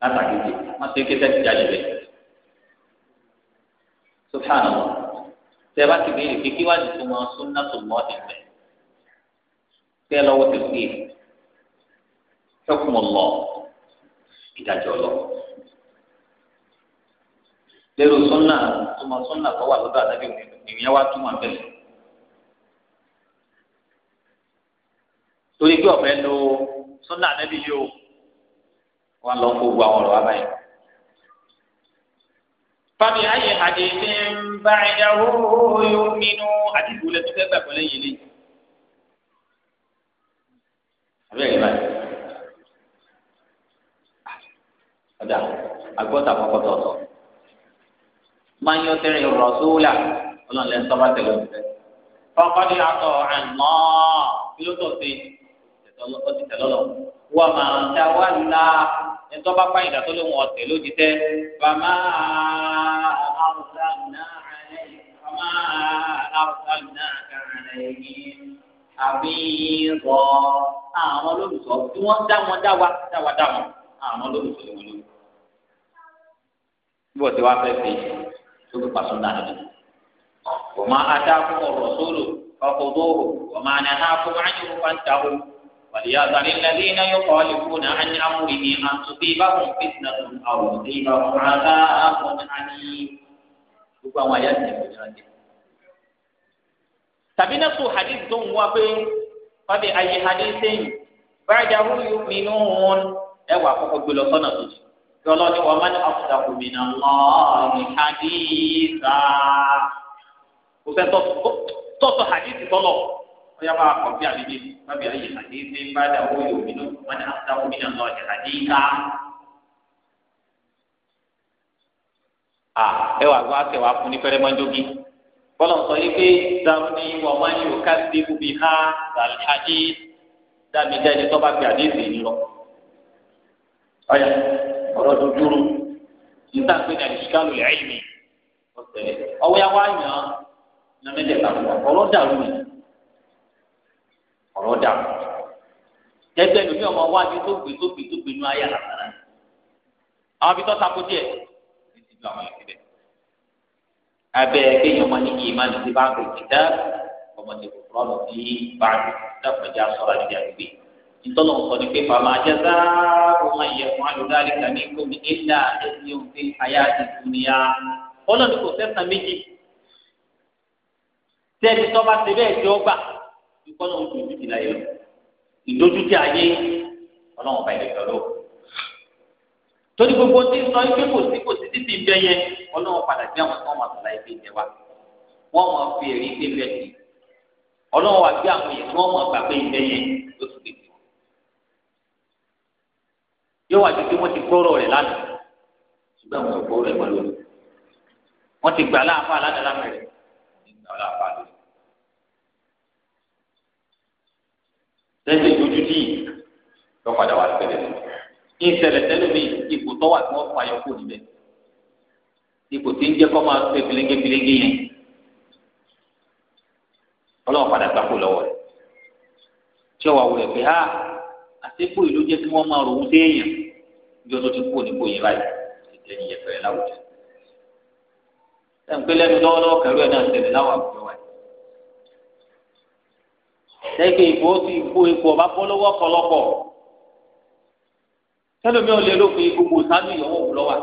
látàkété wọ́n gbé kéṣẹ́ ti jáde bẹ́ẹ̀. sùhánà wọn tẹ ti béèrè pé kí wàá di tó máa súnà tó mọ́ ọ̀dẹ̀ bẹ́ẹ̀ tẹ́ lọ́wọ́ hukm Allah ìdájọ́ lọ. lérò sọ́nà túmọ̀ sọ́nà tó wà lọ́dọ̀ àtàbí ìyẹn wá túmọ̀ bẹ́ẹ̀. torí pé ọ̀fẹ́ lo sọ́nà àtàbí yìí o wọn lọ kó gbogbo àwọn ọ̀rọ̀ wa báyìí. fàbí ayé àdéhùn ń bá ìyàwó yóò nínú àdìgbò lẹ́tọ́ fẹ́ gbàgbọ́ lẹ́yìn lé. àbẹ́rẹ́ báyìí. ọ̀dà agbọ́ta kọ́kọ́tọ̀ ọ̀tọ̀ máa ń yọ tẹ́rẹ̀ rọ̀ṣúlà ọlọ́ọ̀lẹ́ ń tọ́ba tẹ̀lé ọ̀tẹ̀ fọkọ́dé àtọ̀ àìmọ́ kílótò sí ọtí tẹ̀lọ́ lọ wọ́n máa ń ta wá la ń tọ́ba pàyìndà tó lóun ọ̀tẹ̀ ló ti tẹ́ bàmá àbíyọ̀ àwọn olólùsọ tí wọ́n dá wọn dá wa dá wa dá wọn àwọn olólùsọ lè wọn bíbọ̀ tí wàá fẹ́ fi tó fi pàṣọ náà lọ. wọ́n máa adá fún ọ̀rọ̀ sólò ọkọ̀ dóòrò wọ́n máa ní aná fún ányúrú wá ń ta o. وليحذر الذين يخالفون عن أمره أن تصيبهم فتنة أو يصيبهم عذاب أليم gbogbo àwọn ayé àti ẹ̀kọ́ ìran jẹ. tàbí náà sọ hadith tó ń wá pé fábí ayé hadith sẹ́yìn báyìí dáhùn yóò fi inú tọ́lọ́ ni wọ́n máa ń àkùdà kò mí nà lọ́ ní hadìsá. kò fẹ́ tọ́tọ̀ hadìsí tọ́lọ̀ wọ́n yà bá a kọ̀ọ̀fì àbíbí bábí ayé hadìsí bá dà wọ́n yóò mí nà wọ́n ní àkùdà kò mí nà lọ́ ní à ẹ wà gbọ́ àtẹ̀wà fún ní fẹ́rẹ́ máa ń sọ yìí pé dàrúni wọ́n máa ń yóò ká ibi ha dàlí hadìsí dàmídẹ́ni tó bá fi hadìsí yìí lọ. ọ̀yà ọ̀rọ̀ tó dúró níta pé ní àdìsíkàlù rẹ̀ ẹ̀yìn mi ọ̀sẹ̀ ọwọ́ yà wá yàn án lọ́mẹdẹ̀ẹ́ta ọ̀rọ̀ dàrú mi ọ̀rọ̀ dàrú tẹ́tẹ́ lómi ọmọ wa ni tó gbé tó gbé tó gbé nu ayé àlàkàrà àwọn ibi tó takò díẹ̀ títí ju àwọn ìdílé abẹ́ kéèyàn ọmọ ní kí ìmá ní ti bá ń pè kíta ọmọ ní kúrọ́ọ̀lù ntọ́nà ọ̀kọ́ ni pé fàmà àjẹsà ọmọ ìyẹ̀fun alùdáàlì kàní kòmí ìlà ẹ̀sìn òfin àyà ìdúnìyà ọlọ́ni kò sẹ́sàn méjì tẹ́ẹ̀tì tọ́ba ṣe bẹ́ẹ̀ tí ó gbà ìkọ́nà ojú ìdíjì láyé lọ ìdójútì ayé ọlọ́run ọba ìdẹ̀kẹ́ lọ. torí gbogbo tí ń sọ ike kò sí kò sí títí bẹ́ẹ̀ yẹn ọlọ́run padà bí àwọn kan wà tó láyé fi jẹwa wọ́n mọ̀ fi èrè ìgbé bẹ́ẹ̀ sí ọlọ́run wà bí àwọn èèyàn wọ́n mọ̀ gbà ìbẹ́ yẹn ló ti yóò wá ju pé wọ́n ti gbọ́rọ̀ rẹ̀ lánàá ṣùgbọ́n àwọn ọ̀gbọ́ rẹ̀ wọ́n lónìí wọ́n ti gbà láàfà lánàá lámẹ̀rẹ̀ nígbà láàfà lónìí. lẹ́sẹ̀ ìdójú tí lọ́padà wà tẹ́lẹ̀ sí i ìṣẹ̀lẹ̀ tẹ́lẹ̀ mi ipò tó wà tí wọ́n fà yọ kó níbẹ̀ ipò tí ń jẹ́ kọ́ máa pé pilengebilenge yẹn ọlọ́run padà gbapò lọ́wọ́ rẹ̀ tí ọ̀wà wulẹ̀ pé ha àtẹ́kù ìlú jẹ́ kí wọ́n máa rò ó séèyàn bí ọdún ti kú òníkó yẹn báyìí ìtẹ̀ ní yẹpẹrẹ láwùjọ. sẹ́yìn lẹ́nu lọ́wọ́lọ́wọ́ kẹ̀rú ẹ̀ náà tẹ̀lé láwọn àwùjọ wa yìí. ìbò ti kó ipò ọba bọ́ lọ́wọ́ ọ̀pọ̀lọpọ̀ sẹ́lómi ò lè lópin gbogbo sánú ìyọ̀wọ̀ òwúlọ́wà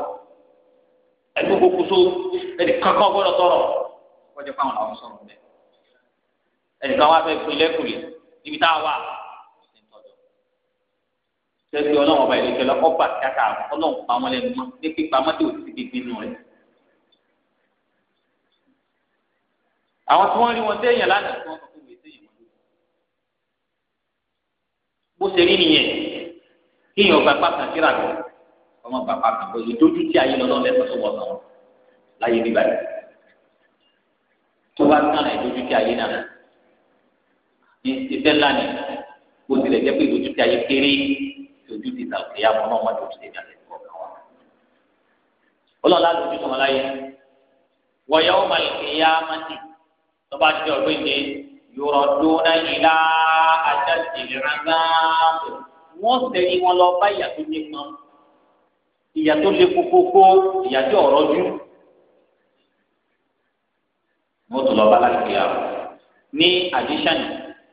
ẹ̀dùn gbogbo so ẹ̀dì kankan gbọ́dọ̀ tọrọ kọjá fáwọn làwọn sọ̀rọ̀ sẹ́bi ọlọ́run ọba ìlú ìṣẹ̀lẹ̀ ọba kàkà ọlọ́run pamọ́ lẹ́nu mọ́ ní pípamọ́ tí ò sí gbígbín nù rẹ̀. àwọn tí wọ́n rí wọn déèyàn lánàá tí wọ́n sọ fún mi déèyàn wọn lójú. bó ṣe rí nìyẹn kí èèyàn bá pàtàkì kíra rẹ̀ ọmọ bàbá kan bọ̀ lè dójú tí ayé lọ́lọ́ lẹ́sọ̀ tó wọ̀ sàn láyé bíbá rẹ̀. tó bá tán rẹ̀ dójú tí ayé náà ní ìfẹ́ lánàá kó ti ojú ti tàwọn ìyá ọmọ náà wọn ti ojú ti dàgbẹ́ tó kọ́ wọn. ọlọ́lá lójú tó wọn láyé wọ̀yẹ́ wọn máa lè yá mọ́tì tó bá ti ọ̀gbẹ́ ìdè yòrò dúnà ìlà àjà ìlera gáàbù wọ́n sẹ́ni wọn lọ bá ìyà tó ní kan ìyà tó le kókókó ìyà tó ọ̀rọ̀ jù wọ́n tó lọ bá láti fi àwọn ní àdíṣàn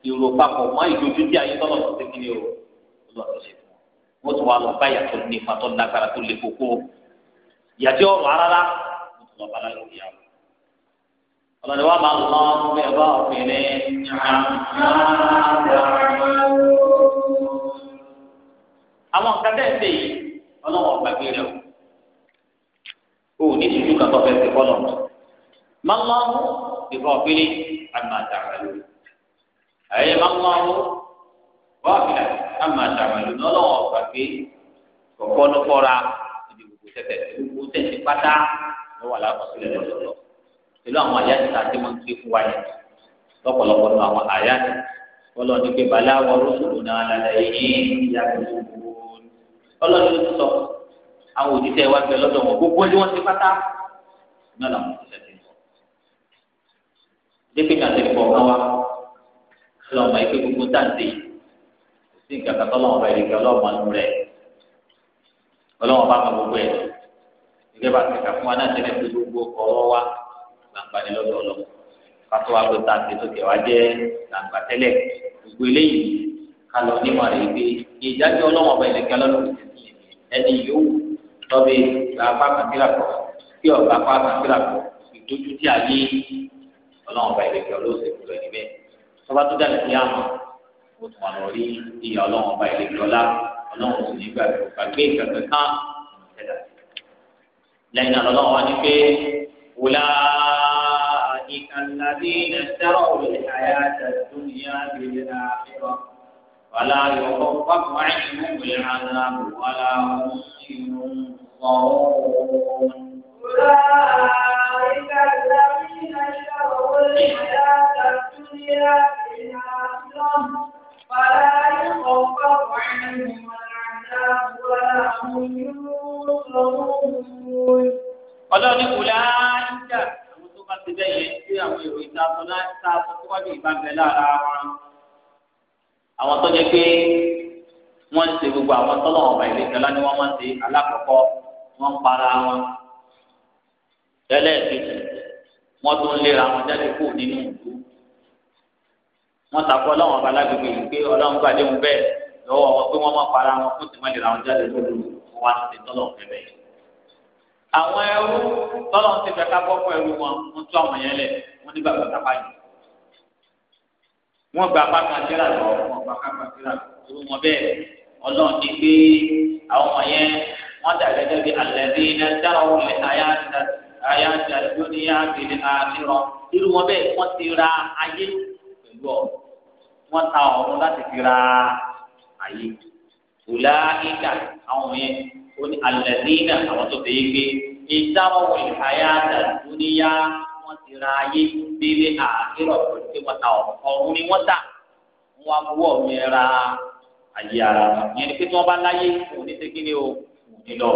ìrò papọ̀ mọ́ ìdójú ayé tọ́lọ̀ tó ti kí ni o lọ́ọ́ wọ́n tún wà lọ bá yàtọ̀ ní ìfàtọ́ lágbára tó lè kókó yàtọ̀ ọ̀rọ̀ arára wọ́n tún lọ bá láyé òkè àwọn. ọlọ́ni wa máa ń lọ fún ẹ̀bá obìnrin àwọn nǹkan tẹ̀ ń ṣe yìí ọlọ́wọ́ gbàgbé rẹ̀ o ò ní ṣíṣú kan tó fẹ́ ṣe fọ́lọ̀ máa ń lọ fún ìfọ̀ obìnrin àmàdàrà lórí. ẹ̀yẹ máa lọ fún wọ́n fi hàn àmà àtàwọn ìlú ọlọ́wọ́ gbàgbé kọ̀kọ́ ló kọ́ra ibi gbogbo tẹ̀tẹ̀ gbogbo tẹ̀sí pátá ló wà lákọsílẹ̀ lọ́dọọdọ pẹ̀lú àwọn àyà ti tàbí wọn gbé fún wa yẹn lọ́pọ̀lọpọ̀ nù àwọn àyà ti ọlọ́ọ̀ni pé balẹ̀ awọ rúṣùlù náà lálẹ́ yìí ìyá gbogbo ọlọ́ọ̀ni ló ti sọ àwọn òdìtẹ́ wa gbẹ lọ́dọ̀ wọn gbogbo ẹni sí nǹkan kan tọ́lọ́wọ́n bá ìdíkẹ́ ọlọ́ọ̀mọ nù rẹ̀ ọlọ́wọ́n bá mọ gbogbo ẹ̀ gẹ́gẹ́ bá kẹ̀kẹ́ fún wa náà tẹ́lẹ̀ pé gbogbo ọ̀rọ̀ wa gbàǹgbà ní lọ́dọ̀ ọlọ́ kátó wa gbé tàǹtì tó kẹ̀ wá jẹ́ gbàǹgbà tẹ́lẹ̀ gbogbo eléyìí ká lọ nímọ̀ rẹ̀ pé ìdájọ́ ọlọ́wọ́n bá ìdíkẹ́ ọlọ́ọ̀mọ ẹni yóò lọ́bí gbàgbà kàkíràkọ̀ tí ọ̀gbà kàkíràkọ̀ ìdójútì ayé ọlọ́wọ́n bá ọ̀nà orí ìyá ọlọ́run ọba ìlẹ́gbẹ̀ẹ́ ọlá ọlọ́run sì nígbà gbàgbé ìgbàgbé kan ẹ̀dá. lẹ́yìn náà lọ́wọ́ wá ní pé wùlá ìkànnàbí nàìjíríà òwe àyà àtàdúnyà bèrè àfẹ́rọ̀ wàlá yọ̀kọ̀ pápá ìlú wòlé àná wàlá ìlú sọ̀rọ̀. wùlá ìkànnàbí nàìjíríà òwe àyà àtàdúnyà bèrè àfẹ́rọ̀. فلا يخفف عنهم العذاب ولا هم ينصرون ọlọ́ni kùlá ìjà àwọn tó bá ti bẹ́ẹ̀ yẹn sí àwọn èrò ìtàkùn láti ta àtọ́kọ́wájú ìbámu lára wọn. àwọn tó jẹ́ pé wọ́n ń ṣe gbogbo àwọn tọ́lọ̀ ọ̀bà ìlẹ̀kẹ́ lá ni wọ́n máa ń ṣe alákọ̀ọ́kọ́ wọ́n ń para wọn. tẹ́lẹ̀ kejì wọ́n tún ń lera wọn jáde kúrò nínú ìlú wọ́n takọ́ ọlọ́wọ́n ọba lágbègbè yìí pé ọlọ́wọ́n gbàdé wọn bẹ́ẹ̀ lọ́wọ́ wọn pé wọ́n máa para wọn fún tìmọ́lẹ̀ ra wọn jáde lóru wọn á ti tọ́lọ̀ fẹ́ bẹ́ẹ̀. àwọn ẹrú tọ́lọ̀ ti fẹ́ ká bọ́ fún ẹrú wọn wọ́n tún àwọn yẹn lẹ̀ wọ́n ní bàbá kápá yìí. wọ́n gba apá kan jẹ́rà lọ wọ́n gba apá kan jẹ́rà lóru wọn bẹ́ẹ̀ ọlọ́run ti gbé àwọn wọn yẹn wọ́n dàgbẹ́ débi àlẹ́bí iná dáhùn ayáǹdà ayáǹdà pẹ̀lú ọ wọ́n ta ọ̀run láti fi ra àyè òlà ìgbà àwọn yẹn ó ní alẹ́dínà àwọn tó fẹ́ẹ́ gbé ìdáwọ̀ ìhàyà dàdúníyà wọ́n ti ra ayé délé àkérò pé wọ́n ta ọ̀run ni wọ́n tà wọ́n wá buwọ́ mi ra àyè ara wọn yẹn ni pé tí wọ́n bá láyé kò ní ṣe kí ni o kò ní lọ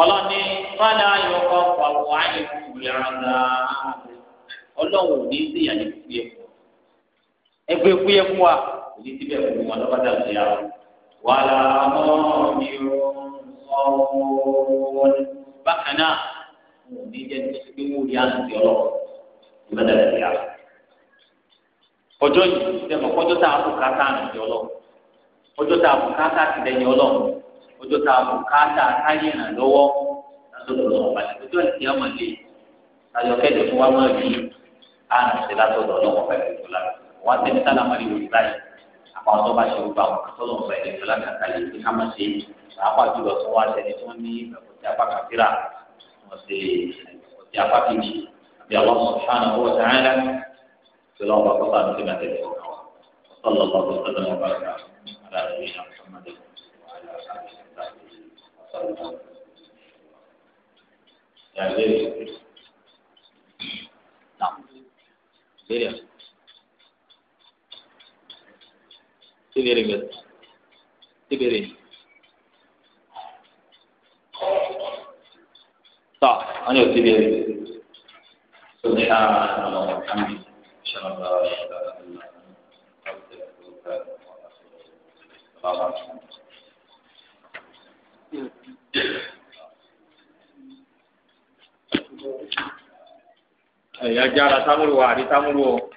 ọlọ́ni fada yọkọ pàwọ́ àyè kùlẹ̀ ọ̀dà ọlọ́run ò ní í sèyàn fúyẹ́ fún fúyẹ́ fún wa ní síbẹ̀ fún wọn ya mọ́ mi bákan náà ní jẹ́ ní pé rí àǹtí ọlọ́run ya tá a kò ká tá àǹtí ọlọ́run ọjọ́ tá a kò ká tá àtìlẹ́yìn ọlọ́run ọjọ́ tá a kò ká tá àtàyè àrùn ṣe látọ̀dọ̀ ọlọ́wọ́ pẹ̀lú ìtura wọn tẹ̀lé sálámà ní yorùbá yìí àwọn tó bá ṣe gbogbo àwọn akọ́lọ́ pẹ̀lú ìtura kàkàlẹ̀ ní kámọ̀ ṣe pàápàá jùlọ tó wá sẹni tó ní ìgbàgbọ́sí apá kàkíra wọn ṣe ìgbàgbọ́sí apá kejì àbí àwọn sọ̀hánà owó sàánà tó lọ́wọ́ bá kọ́sà ní tẹ̀lé tẹ̀lé صلى الله وسلم Miriam. Sí, Miriam. Sí, Miriam. Tọ́ wọ́n yóò ti bí ẹ̀rí. Thank you ẹ̀yà jára támúrù wà àrí támúrù o.